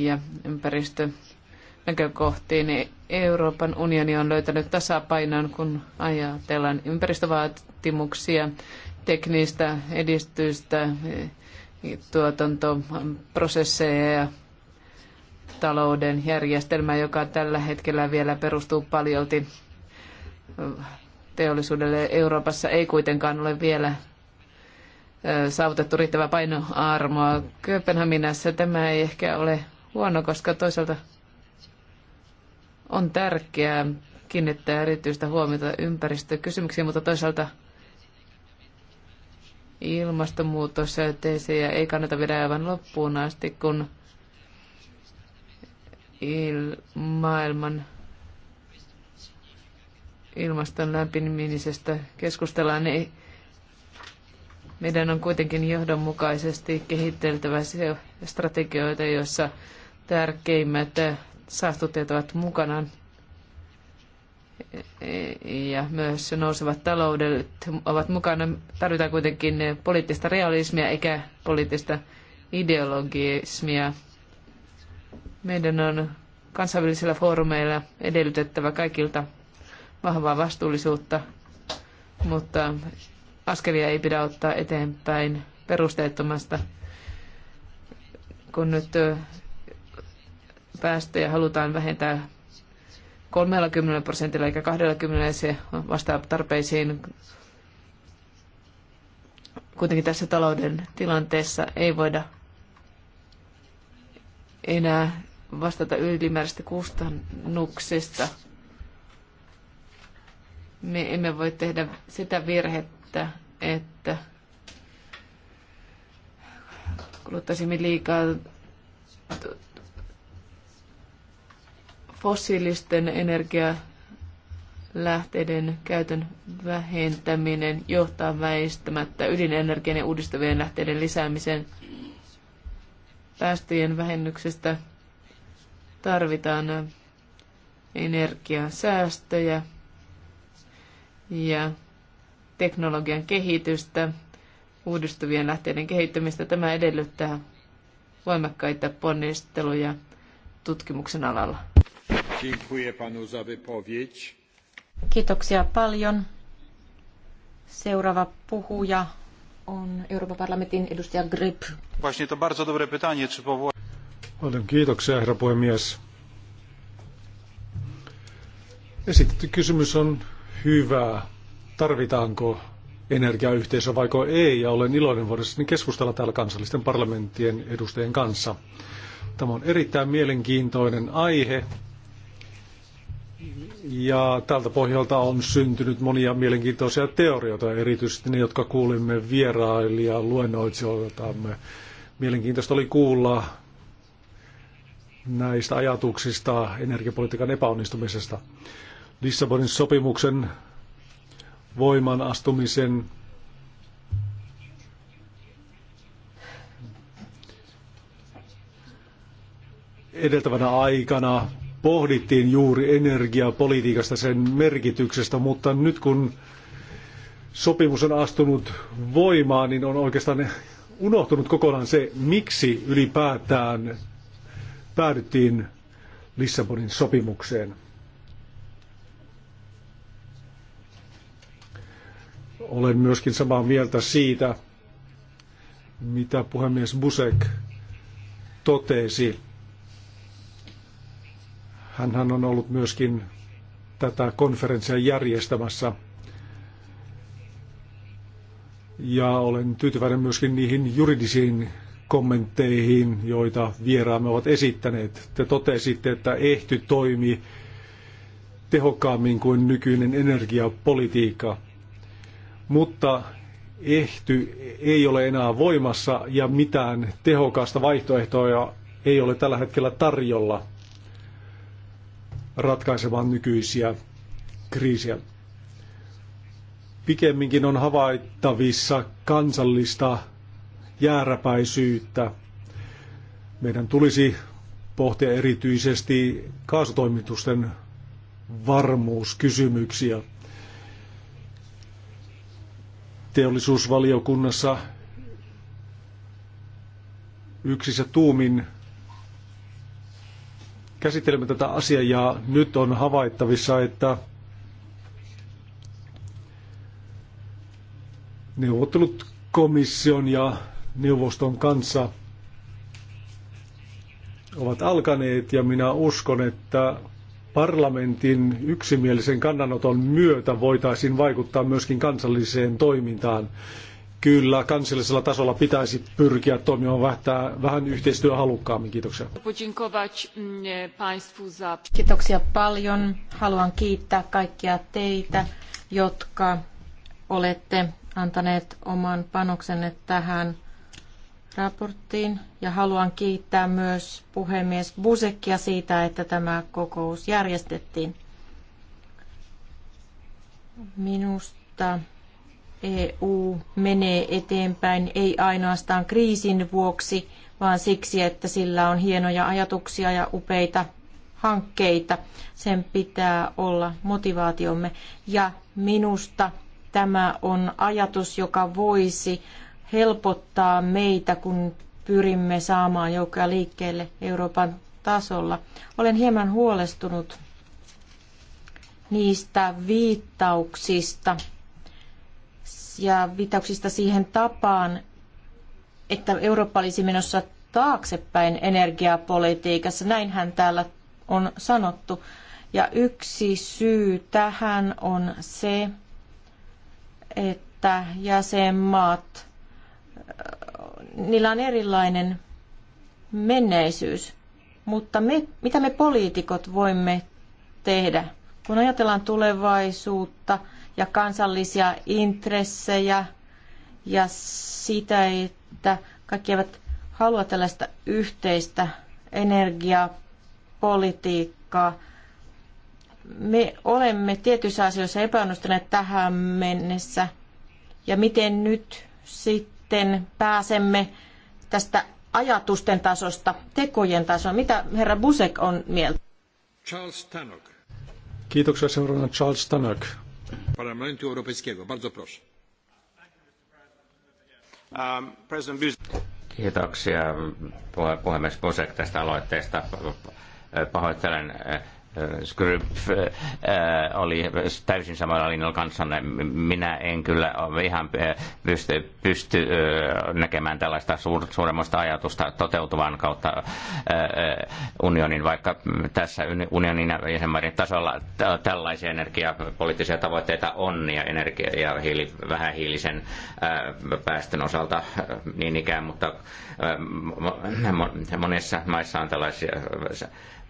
ja ympäristö- näkökohtiin. Niin Euroopan unioni on löytänyt tasapainon, kun ajatellaan ympäristövaatimuksia, teknistä edistystä, tuotantoprosesseja ja talouden järjestelmää, joka tällä hetkellä vielä perustuu paljolti teollisuudelle Euroopassa ei kuitenkaan ole vielä saavutettu riittävää painoarmoa. Kööpenhaminassa tämä ei ehkä ole huono, koska toisaalta on tärkeää kiinnittää erityistä huomiota ympäristökysymyksiin, mutta toisaalta ja ei kannata viedä aivan loppuun asti, kun il- maailman ilmaston lämpimisestä keskustellaan, niin meidän on kuitenkin johdonmukaisesti kehitteltävä strategioita, joissa tärkeimmät saastutteet ovat mukanaan ja myös nousevat taloudet ovat mukana. Tarvitaan kuitenkin poliittista realismia eikä poliittista ideologismia. Meidän on kansainvälisillä foorumeilla edellytettävä kaikilta vahvaa vastuullisuutta, mutta askelia ei pidä ottaa eteenpäin perusteettomasta, kun nyt päästöjä halutaan vähentää 30 prosentilla eikä 20 se vastaa tarpeisiin. Kuitenkin tässä talouden tilanteessa ei voida enää vastata ylimääräistä kustannuksista. Me emme voi tehdä sitä virhettä, että kuluttaisimme liikaa fossiilisten energialähteiden käytön vähentäminen johtaa väistämättä ydinenergian ja uudistavien lähteiden lisäämiseen. Päästöjen vähennyksestä tarvitaan energiansäästöjä ja teknologian kehitystä, uudistuvien lähteiden kehittämistä. Tämä edellyttää voimakkaita ponnisteluja tutkimuksen alalla. Dziękuję Kiitoksia paljon. Seuraava puhuja on Euroopan parlamentin edustaja Grip. Właśnie to bardzo dobre pytanie, czy powoła... Paljon kiitoksia, herra puhemies. Esitetty kysymys on hyvä. Tarvitaanko energiayhteisö vaiko ei, ja olen iloinen voidessani keskustella täällä kansallisten parlamenttien edustajien kanssa. Tämä on erittäin mielenkiintoinen aihe, ja tältä pohjalta on syntynyt monia mielenkiintoisia teorioita, erityisesti ne, jotka kuulimme vierailija luennoitsijoiltamme. Mielenkiintoista oli kuulla näistä ajatuksista energiapolitiikan epäonnistumisesta. Lissabonin sopimuksen voiman astumisen edeltävänä aikana pohdittiin juuri energiapolitiikasta, sen merkityksestä, mutta nyt kun sopimus on astunut voimaan, niin on oikeastaan unohtunut kokonaan se, miksi ylipäätään päädyttiin Lissabonin sopimukseen. Olen myöskin samaa mieltä siitä, mitä puhemies Busek totesi hän on ollut myöskin tätä konferenssia järjestämässä. Ja olen tyytyväinen myöskin niihin juridisiin kommentteihin, joita vieraamme ovat esittäneet. Te totesitte, että ehty toimii tehokkaammin kuin nykyinen energiapolitiikka. Mutta ehty ei ole enää voimassa ja mitään tehokasta vaihtoehtoja ei ole tällä hetkellä tarjolla ratkaisemaan nykyisiä kriisiä. Pikemminkin on havaittavissa kansallista jääräpäisyyttä. Meidän tulisi pohtia erityisesti kaasutoimitusten varmuuskysymyksiä. Teollisuusvaliokunnassa yksissä tuumin käsittelemme tätä asiaa ja nyt on havaittavissa, että neuvottelut komission ja neuvoston kanssa ovat alkaneet ja minä uskon, että parlamentin yksimielisen kannanoton myötä voitaisiin vaikuttaa myöskin kansalliseen toimintaan. Kyllä, kansallisella tasolla pitäisi pyrkiä toimimaan vähän, vähän yhteistyöhalukkaammin. Kiitoksia. Mm, Kiitoksia paljon. Haluan kiittää kaikkia teitä, jotka olette antaneet oman panoksenne tähän raporttiin. Ja haluan kiittää myös puhemies Busekia siitä, että tämä kokous järjestettiin. Minusta EU menee eteenpäin ei ainoastaan kriisin vuoksi, vaan siksi, että sillä on hienoja ajatuksia ja upeita hankkeita. Sen pitää olla motivaatiomme. Ja minusta tämä on ajatus, joka voisi helpottaa meitä, kun pyrimme saamaan joukkoja liikkeelle Euroopan tasolla. Olen hieman huolestunut niistä viittauksista ja viittauksista siihen tapaan, että Eurooppa olisi menossa taaksepäin energiapolitiikassa. Näinhän täällä on sanottu. Ja yksi syy tähän on se, että jäsenmaat, niillä on erilainen menneisyys. Mutta me, mitä me poliitikot voimme tehdä? Kun ajatellaan tulevaisuutta, ja kansallisia intressejä ja sitä, että kaikki eivät halua tällaista yhteistä energiapolitiikkaa. Me olemme tietyissä asioissa epäonnistuneet tähän mennessä. Ja miten nyt sitten pääsemme tästä ajatusten tasosta tekojen tasoon? Mitä herra Busek on mieltä? Charles Kiitoksia seuraavana Charles Parlamentu Europejskiego. Bardzo proszę. Um, Kiitoksia puhemies Busek tästä aloitteesta. Pahoittelen äh, oli täysin samalla linjalla kanssanne. Minä en kyllä ihan äh, pysty, pysty äh, näkemään tällaista suur, suuremmasta ajatusta toteutuvan kautta äh, unionin, vaikka tässä unionin ja jäsenmaiden tasolla tällaisia energiapoliittisia tavoitteita on ja energia- ja hiili, vähähiilisen päästön osalta niin ikään, mutta monessa maissa on tällaisia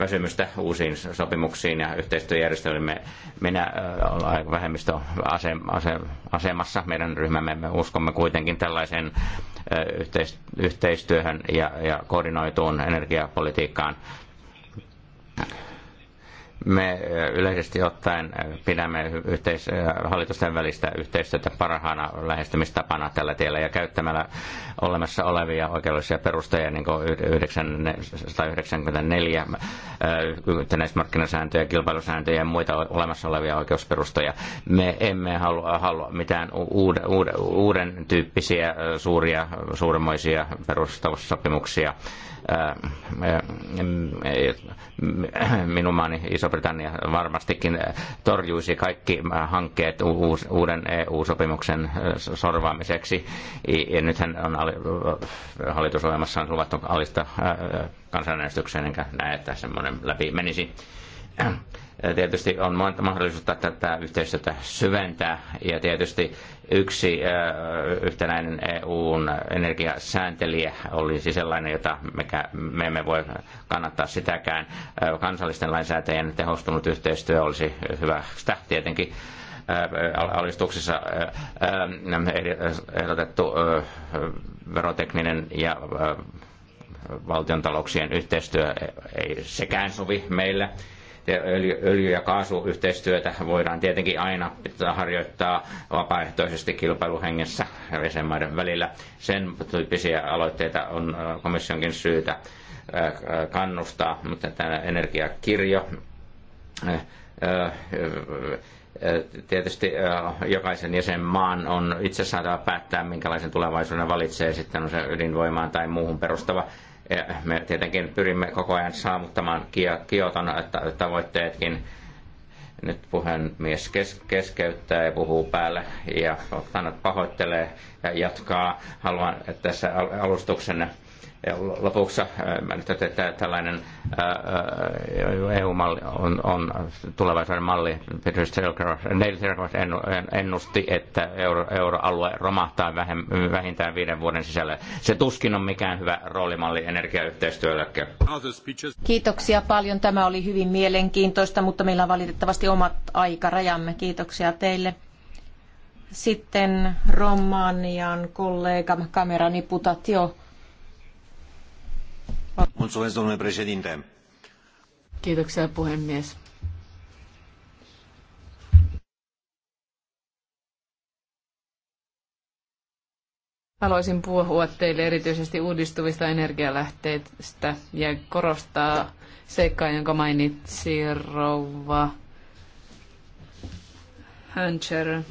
väsymystä uusiin sopimuksiin ja yhteistyöjärjestelmimme. Minä olen asemassa, Meidän ryhmämme me uskomme kuitenkin tällaiseen yhteistyöhön ja, ja koordinoituun energiapolitiikkaan me eh, yleisesti ottaen eh, pidämme yhteis- eh, hallitusten välistä yhteistyötä parhaana lähestymistapana tällä tiellä ja käyttämällä olemassa olevia oikeudellisia perusteja, niin kuin 194 yhtenäismarkkinasääntöjä, kilpailusääntöjä ja muita olemassa olevia oikeusperustoja. Me emme halua, halua mitään uuden, uuden, uuden tyyppisiä suuria, suurmoisia perustavuussopimuksia minun maani Iso-Britannia varmastikin torjuisi kaikki hankkeet uuden EU-sopimuksen sorvaamiseksi. Ja nythän on on luvattu alista kansanäänestykseen, enkä näe, että semmoinen läpi menisi tietysti on mahdollisuutta tätä yhteistyötä syventää ja tietysti yksi yhtenäinen EUn energiasääntelijä olisi sellainen, jota me emme voi kannattaa sitäkään. Kansallisten lainsäätäjien tehostunut yhteistyö olisi hyvästä tietenkin alistuksessa ehdotettu verotekninen ja valtiontalouksien yhteistyö ei sekään sovi meille öljy- ja kaasuyhteistyötä voidaan tietenkin aina harjoittaa vapaaehtoisesti kilpailuhengessä jäsenmaiden välillä. Sen tyyppisiä aloitteita on äh, komissionkin syytä äh, kannustaa, mutta tämä energiakirjo äh, tietysti jokaisen jäsenmaan on itse saatava päättää, minkälaisen tulevaisuuden valitsee, sitten on se ydinvoimaan tai muuhun perustava ja me tietenkin pyrimme koko ajan saavuttamaan Kioton tavoitteetkin. Nyt puhemies keskeyttää ja puhuu päälle ja pahoittelee ja jatkaa. Haluan tässä alustuksenne lopuksi että äh, tällainen äh, äh, EU-malli on, on tulevaisuuden malli. Peter Stelkros ennusti, että euro, euroalue romahtaa vähem, vähintään viiden vuoden sisällä. Se tuskin on mikään hyvä roolimalli energiayhteistyölle. Kiitoksia paljon. Tämä oli hyvin mielenkiintoista, mutta meillä on valitettavasti omat aikarajamme. Kiitoksia teille. Sitten Romanian kollega kamerani Putatio domnule președinte. Kiitoksia, puhemies. Haluaisin puhua teille erityisesti uudistuvista energialähteistä ja korostaa seikkaa, jonka mainitsi rouva Höncher,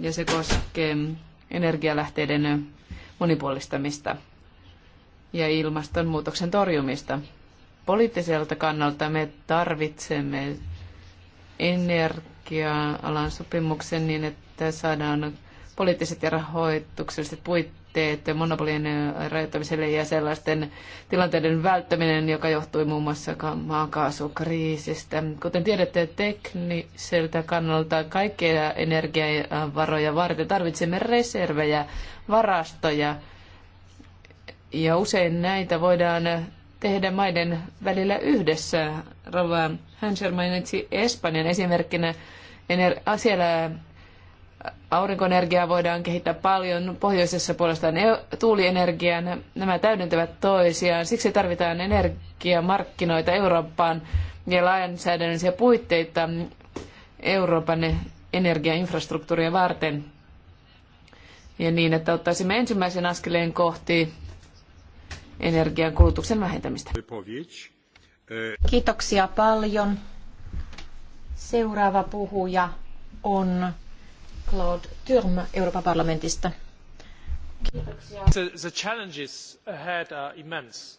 ja se koskee energialähteiden monipuolistamista ja ilmastonmuutoksen torjumista. Poliittiselta kannalta me tarvitsemme energia-alan sopimuksen niin, että saadaan poliittiset ja rahoitukselliset puitteet monopolien rajoittamiselle ja sellaisten tilanteiden välttäminen, joka johtui muun muassa maakaasukriisistä. Kuten tiedätte, tekniseltä kannalta kaikkia energiavaroja varten tarvitsemme reservejä, varastoja, ja usein näitä voidaan tehdä maiden välillä yhdessä. Rova Hanser mainitsi Espanjan esimerkkinä. Ener- siellä aurinkoenergiaa voidaan kehittää paljon, pohjoisessa puolestaan e- tuulienergiaa. Nämä täydentävät toisiaan. Siksi tarvitaan energiamarkkinoita Eurooppaan ja lainsäädännöllisiä puitteita Euroopan energiainfrastruktuuria varten. Ja niin, että ottaisimme ensimmäisen askeleen kohti energian kulutuksen vähentämistä. Kiitoksia paljon. Seuraava puhuja on Claude Turm, Euroopan parlamentista. Kiitoksia. The challenges ahead are immense.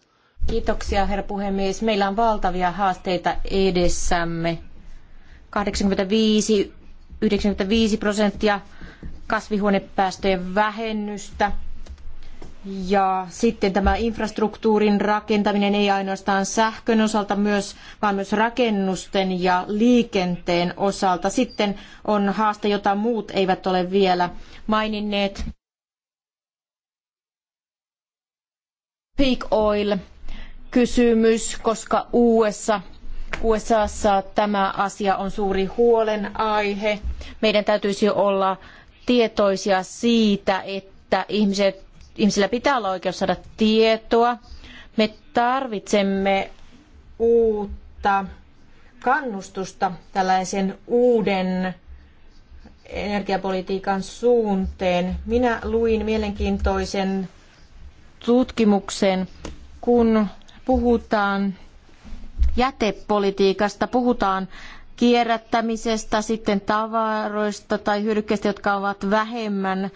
Kiitoksia, herra puhemies. Meillä on valtavia haasteita edessämme. 85, 95 prosenttia kasvihuonepäästöjen vähennystä – ja sitten tämä infrastruktuurin rakentaminen ei ainoastaan sähkön osalta myös, vaan myös rakennusten ja liikenteen osalta. Sitten on haaste, jota muut eivät ole vielä maininneet. Peak oil kysymys, koska USA USAssa tämä asia on suuri huolenaihe. Meidän täytyisi olla tietoisia siitä, että ihmiset ihmisillä pitää olla oikeus saada tietoa. Me tarvitsemme uutta kannustusta tällaisen uuden energiapolitiikan suunteen. Minä luin mielenkiintoisen tutkimuksen, kun puhutaan jätepolitiikasta, puhutaan kierrättämisestä, sitten tavaroista tai hyödykkeistä, jotka ovat vähemmän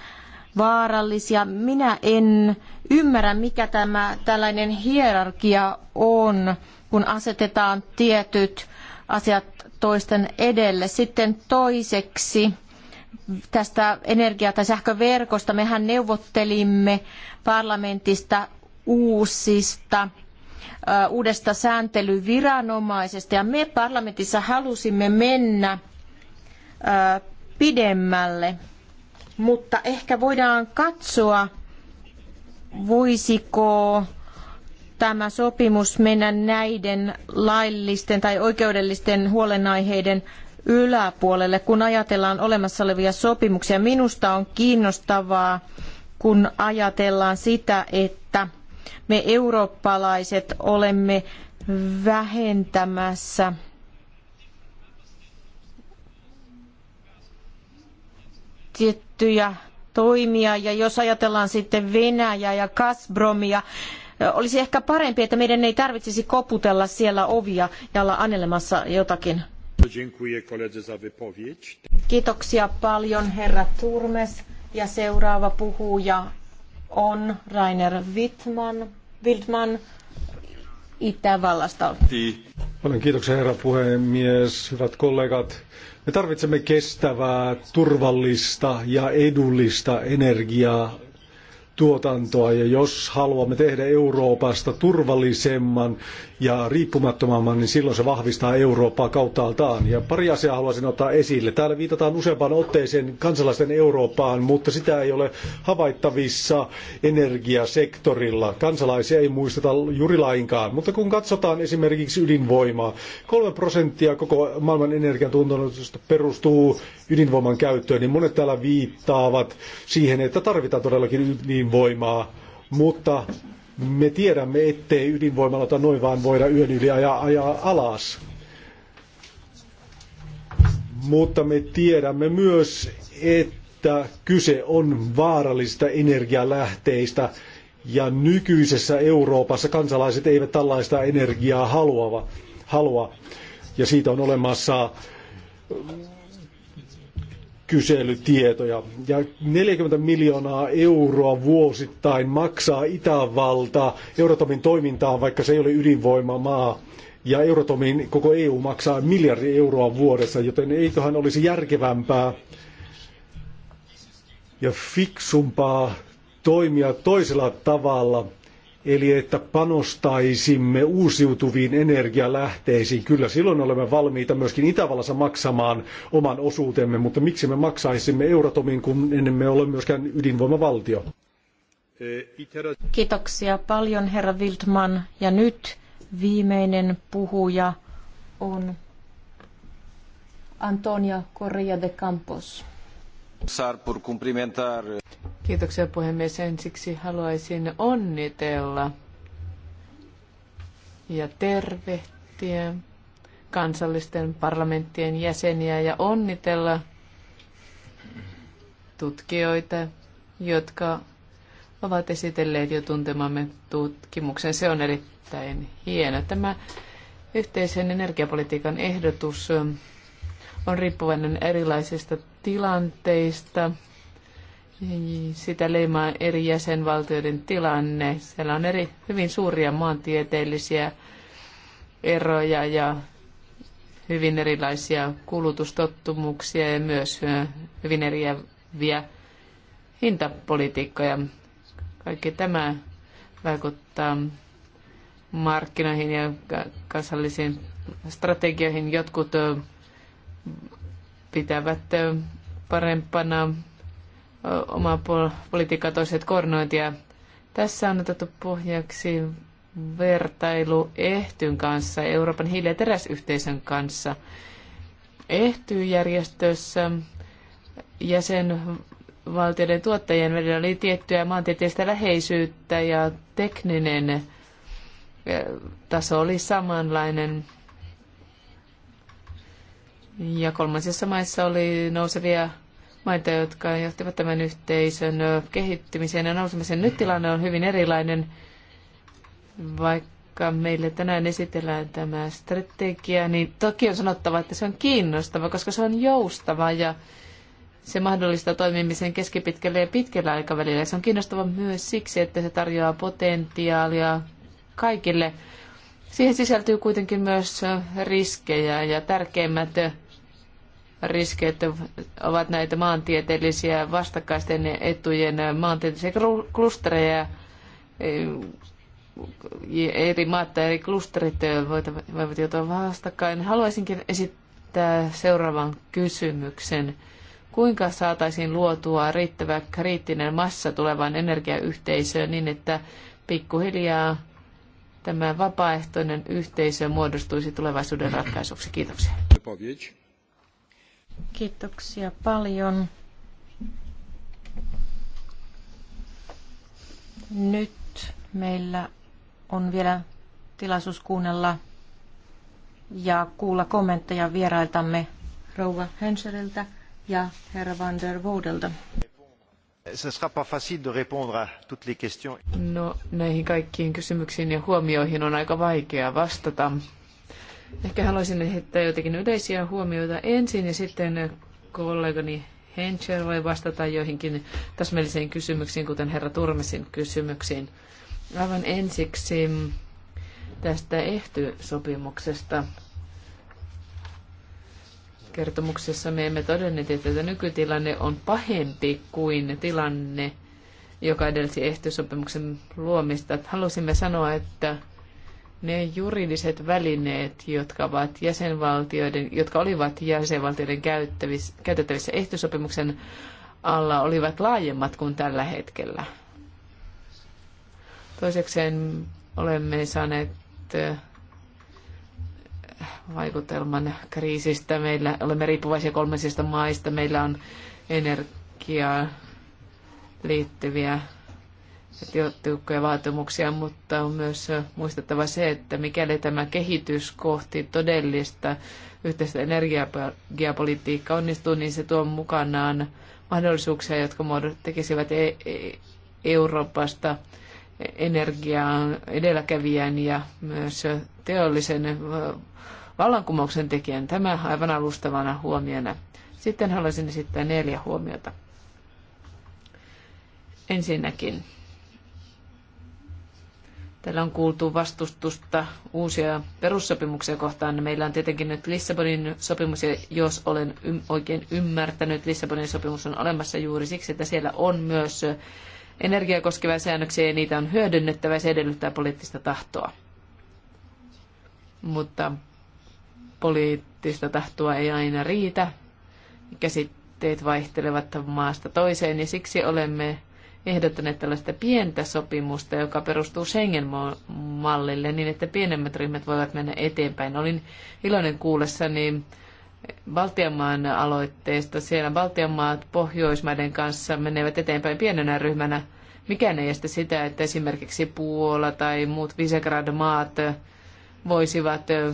vaarallisia. Minä en ymmärrä, mikä tämä tällainen hierarkia on, kun asetetaan tietyt asiat toisten edelle. Sitten toiseksi tästä energia- tai sähköverkosta. Mehän neuvottelimme parlamentista uusista uudesta sääntelyviranomaisesta ja me parlamentissa halusimme mennä pidemmälle mutta ehkä voidaan katsoa, voisiko tämä sopimus mennä näiden laillisten tai oikeudellisten huolenaiheiden yläpuolelle, kun ajatellaan olemassa olevia sopimuksia. Minusta on kiinnostavaa, kun ajatellaan sitä, että me eurooppalaiset olemme vähentämässä tiettyä tiettyjä toimia. Ja jos ajatellaan sitten Venäjää ja Gazpromia, olisi ehkä parempi, että meidän ei tarvitsisi koputella siellä ovia ja olla anelemassa jotakin. Kiitoksia paljon herra Turmes. Ja seuraava puhuja on Rainer Wittman, Wildman Itävallasta. Paljon kiitoksia herra puhemies, hyvät kollegat. Me tarvitsemme kestävää, turvallista ja edullista energiaa tuotantoa ja jos haluamme tehdä Euroopasta turvallisemman ja riippumattomamman, niin silloin se vahvistaa Eurooppaa kauttaaltaan. Ja pari asiaa haluaisin ottaa esille. Täällä viitataan useampaan otteeseen kansalaisten Eurooppaan, mutta sitä ei ole havaittavissa energiasektorilla. Kansalaisia ei muisteta juuri lainkaan. Mutta kun katsotaan esimerkiksi ydinvoimaa, kolme prosenttia koko maailman energiantuntunnotusta perustuu ydinvoiman käyttöön, niin monet täällä viittaavat siihen, että tarvitaan todellakin ydinvoimaa ydinvoimaa, mutta me tiedämme, ettei ydinvoimalata noin vaan voida yön yli ajaa, ajaa alas. Mutta me tiedämme myös, että kyse on vaarallista energialähteistä ja nykyisessä Euroopassa kansalaiset eivät tällaista energiaa haluava, halua. Ja siitä on olemassa kyselytietoja. Ja 40 miljoonaa euroa vuosittain maksaa Itävalta Euratomin toimintaan, vaikka se ei ole ydinvoimamaa. Ja Euratomin koko EU maksaa miljardi euroa vuodessa, joten eiköhän olisi järkevämpää ja fiksumpaa toimia toisella tavalla – Eli että panostaisimme uusiutuviin energialähteisiin. Kyllä silloin olemme valmiita myöskin Itävallassa maksamaan oman osuutemme, mutta miksi me maksaisimme Euratomin, kun emme ole myöskään ydinvoimavaltio? Kiitoksia paljon herra Wildman. Ja nyt viimeinen puhuja on Antonia Correa de Campos. Kiitoksia puhemies. Ensiksi haluaisin onnitella ja tervehtiä kansallisten parlamenttien jäseniä ja onnitella tutkijoita, jotka ovat esitelleet jo tuntemamme tutkimuksen. Se on erittäin hieno. Tämä yhteisen energiapolitiikan ehdotus on riippuvainen erilaisista tilanteista sitä leimaa eri jäsenvaltioiden tilanne. Siellä on eri, hyvin suuria maantieteellisiä eroja ja hyvin erilaisia kulutustottumuksia ja myös hyvin eriäviä hintapolitiikkoja. Kaikki tämä vaikuttaa markkinoihin ja kansallisiin strategioihin. Jotkut pitävät parempana omaa politiikkaa, toiset Ja Tässä on otettu pohjaksi vertailu Ehtyn kanssa, Euroopan hiili- ja teräsyhteisön kanssa. Ehtyjärjestössä jäsenvaltioiden tuottajien välillä oli tiettyä maantieteellistä läheisyyttä ja tekninen eh, taso oli samanlainen. Ja kolmansissa maissa oli nousevia maita, jotka johtivat tämän yhteisön kehittymiseen ja nousemiseen. Nyt tilanne on hyvin erilainen, vaikka meille tänään esitellään tämä strategia, niin toki on sanottava, että se on kiinnostava, koska se on joustava ja se mahdollistaa toimimisen keskipitkällä ja pitkällä aikavälillä. Se on kiinnostava myös siksi, että se tarjoaa potentiaalia kaikille. Siihen sisältyy kuitenkin myös riskejä ja tärkeimmät riskit ovat näitä maantieteellisiä vastakkaisten etujen maantieteellisiä klustereja. E, eri maat tai eri klusterit voivat joutua vastakkain. Haluaisinkin esittää seuraavan kysymyksen. Kuinka saataisiin luotua riittävä kriittinen massa tulevaan energiayhteisöön niin, että pikkuhiljaa tämä vapaaehtoinen yhteisö muodostuisi tulevaisuuden ratkaisuksi? Kiitoksia. Kiitoksia paljon. Nyt meillä on vielä tilaisuus kuunnella ja kuulla kommentteja vierailtamme rouva Henseriltä ja herra van der Woudelta. No, näihin kaikkiin kysymyksiin ja huomioihin on aika vaikea vastata. Ehkä haluaisin heittää jotenkin yleisiä huomioita ensin ja sitten kollegani Henschel voi vastata joihinkin täsmällisiin kysymyksiin, kuten herra Turmesin kysymyksiin. Aivan ensiksi tästä ehtysopimuksesta. Kertomuksessa me emme todenneet, että nykytilanne on pahempi kuin tilanne, joka edelsi ehtysopimuksen luomista. Halusimme sanoa, että ne juridiset välineet, jotka, ovat jäsenvaltioiden, jotka olivat jäsenvaltioiden käyttävissä, käytettävissä ehtosopimuksen alla, olivat laajemmat kuin tällä hetkellä. Toisekseen olemme saaneet eh, vaikutelman kriisistä. Meillä olemme riippuvaisia kolmansista maista. Meillä on energiaa liittyviä tiukkoja vaatimuksia, mutta on myös muistettava se, että mikäli tämä kehitys kohti todellista yhteistä energiapolitiikkaa onnistuu, niin se tuo mukanaan mahdollisuuksia, jotka tekisivät e-, e-, Euroopasta energiaa edelläkävijän ja myös teollisen vallankumouksen tekijän. Tämä aivan alustavana huomiona. Sitten haluaisin esittää neljä huomiota. Ensinnäkin Täällä on kuultu vastustusta uusia perussopimuksia kohtaan. Meillä on tietenkin nyt Lissabonin sopimus, ja jos olen oikein ymmärtänyt, Lissabonin sopimus on olemassa juuri siksi, että siellä on myös energiaa koskevia säännöksiä, ja niitä on hyödynnettävä, ja se edellyttää poliittista tahtoa. Mutta poliittista tahtoa ei aina riitä. Käsitteet vaihtelevat maasta toiseen, ja siksi olemme ehdottaneet tällaista pientä sopimusta, joka perustuu Schengen-mallille niin, että pienemmät ryhmät voivat mennä eteenpäin. Olin iloinen kuullessani Baltianmaan aloitteesta. Siellä Baltianmaat Pohjoismaiden kanssa menevät eteenpäin pienenä ryhmänä. Mikään ei estä sitä, että esimerkiksi Puola tai muut Visegrad-maat voisivat eh,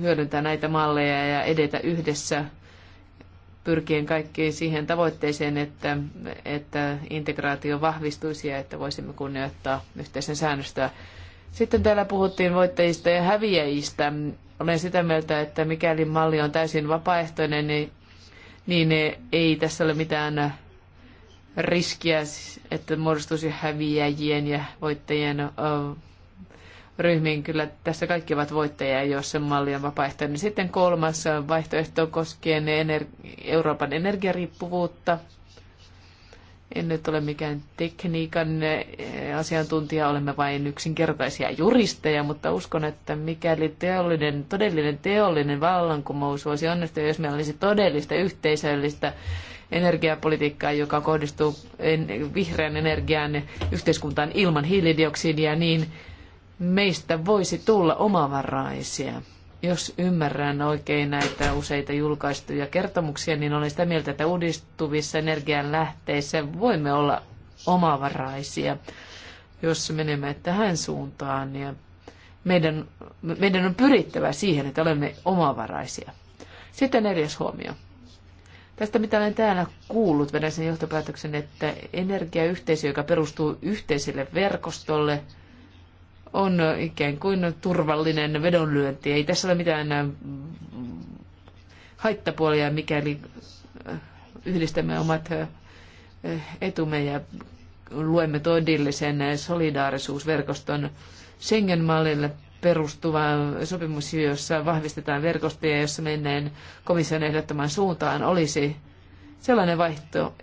hyödyntää näitä malleja ja edetä yhdessä pyrkien kaikkiin siihen tavoitteeseen, että, että integraatio vahvistuisi ja että voisimme kunnioittaa yhteisen säännöstöä. Sitten täällä puhuttiin voittajista ja häviäjistä. Olen sitä mieltä, että mikäli malli on täysin vapaaehtoinen, niin, niin ei tässä ole mitään riskiä, että muodostuisi häviäjien ja voittajien ryhmiin. Kyllä tässä kaikki ovat voittajia, jos se malli on vapaaehtoinen. Niin sitten kolmas vaihtoehto koskien ener- Euroopan energiariippuvuutta. En nyt ole mikään tekniikan eh, asiantuntija, olemme vain yksinkertaisia juristeja, mutta uskon, että mikäli teollinen, todellinen teollinen vallankumous voisi onnistua, jos meillä olisi todellista yhteisöllistä energiapolitiikkaa, joka kohdistuu vihreän energian yhteiskuntaan ilman hiilidioksidia, niin meistä voisi tulla omavaraisia. Jos ymmärrän oikein näitä useita julkaistuja kertomuksia, niin olen sitä mieltä, että uudistuvissa energianlähteissä voimme olla omavaraisia, jos menemme tähän suuntaan. Ja meidän, meidän on pyrittävä siihen, että olemme omavaraisia. Sitten neljäs huomio. Tästä, mitä olen täällä kuullut, vedän sen johtopäätöksen, että energiayhteisö, joka perustuu yhteiselle verkostolle – on ikään kuin turvallinen vedonlyönti. Ei tässä ole mitään äh, haittapuolia, mikäli äh, yhdistämme omat äh, etumme ja luemme todellisen solidaarisuusverkoston Schengen-mallille perustuva sopimus, jossa vahvistetaan verkostoja, jossa menneen komission ehdottoman suuntaan, olisi sellainen vaihtoehto,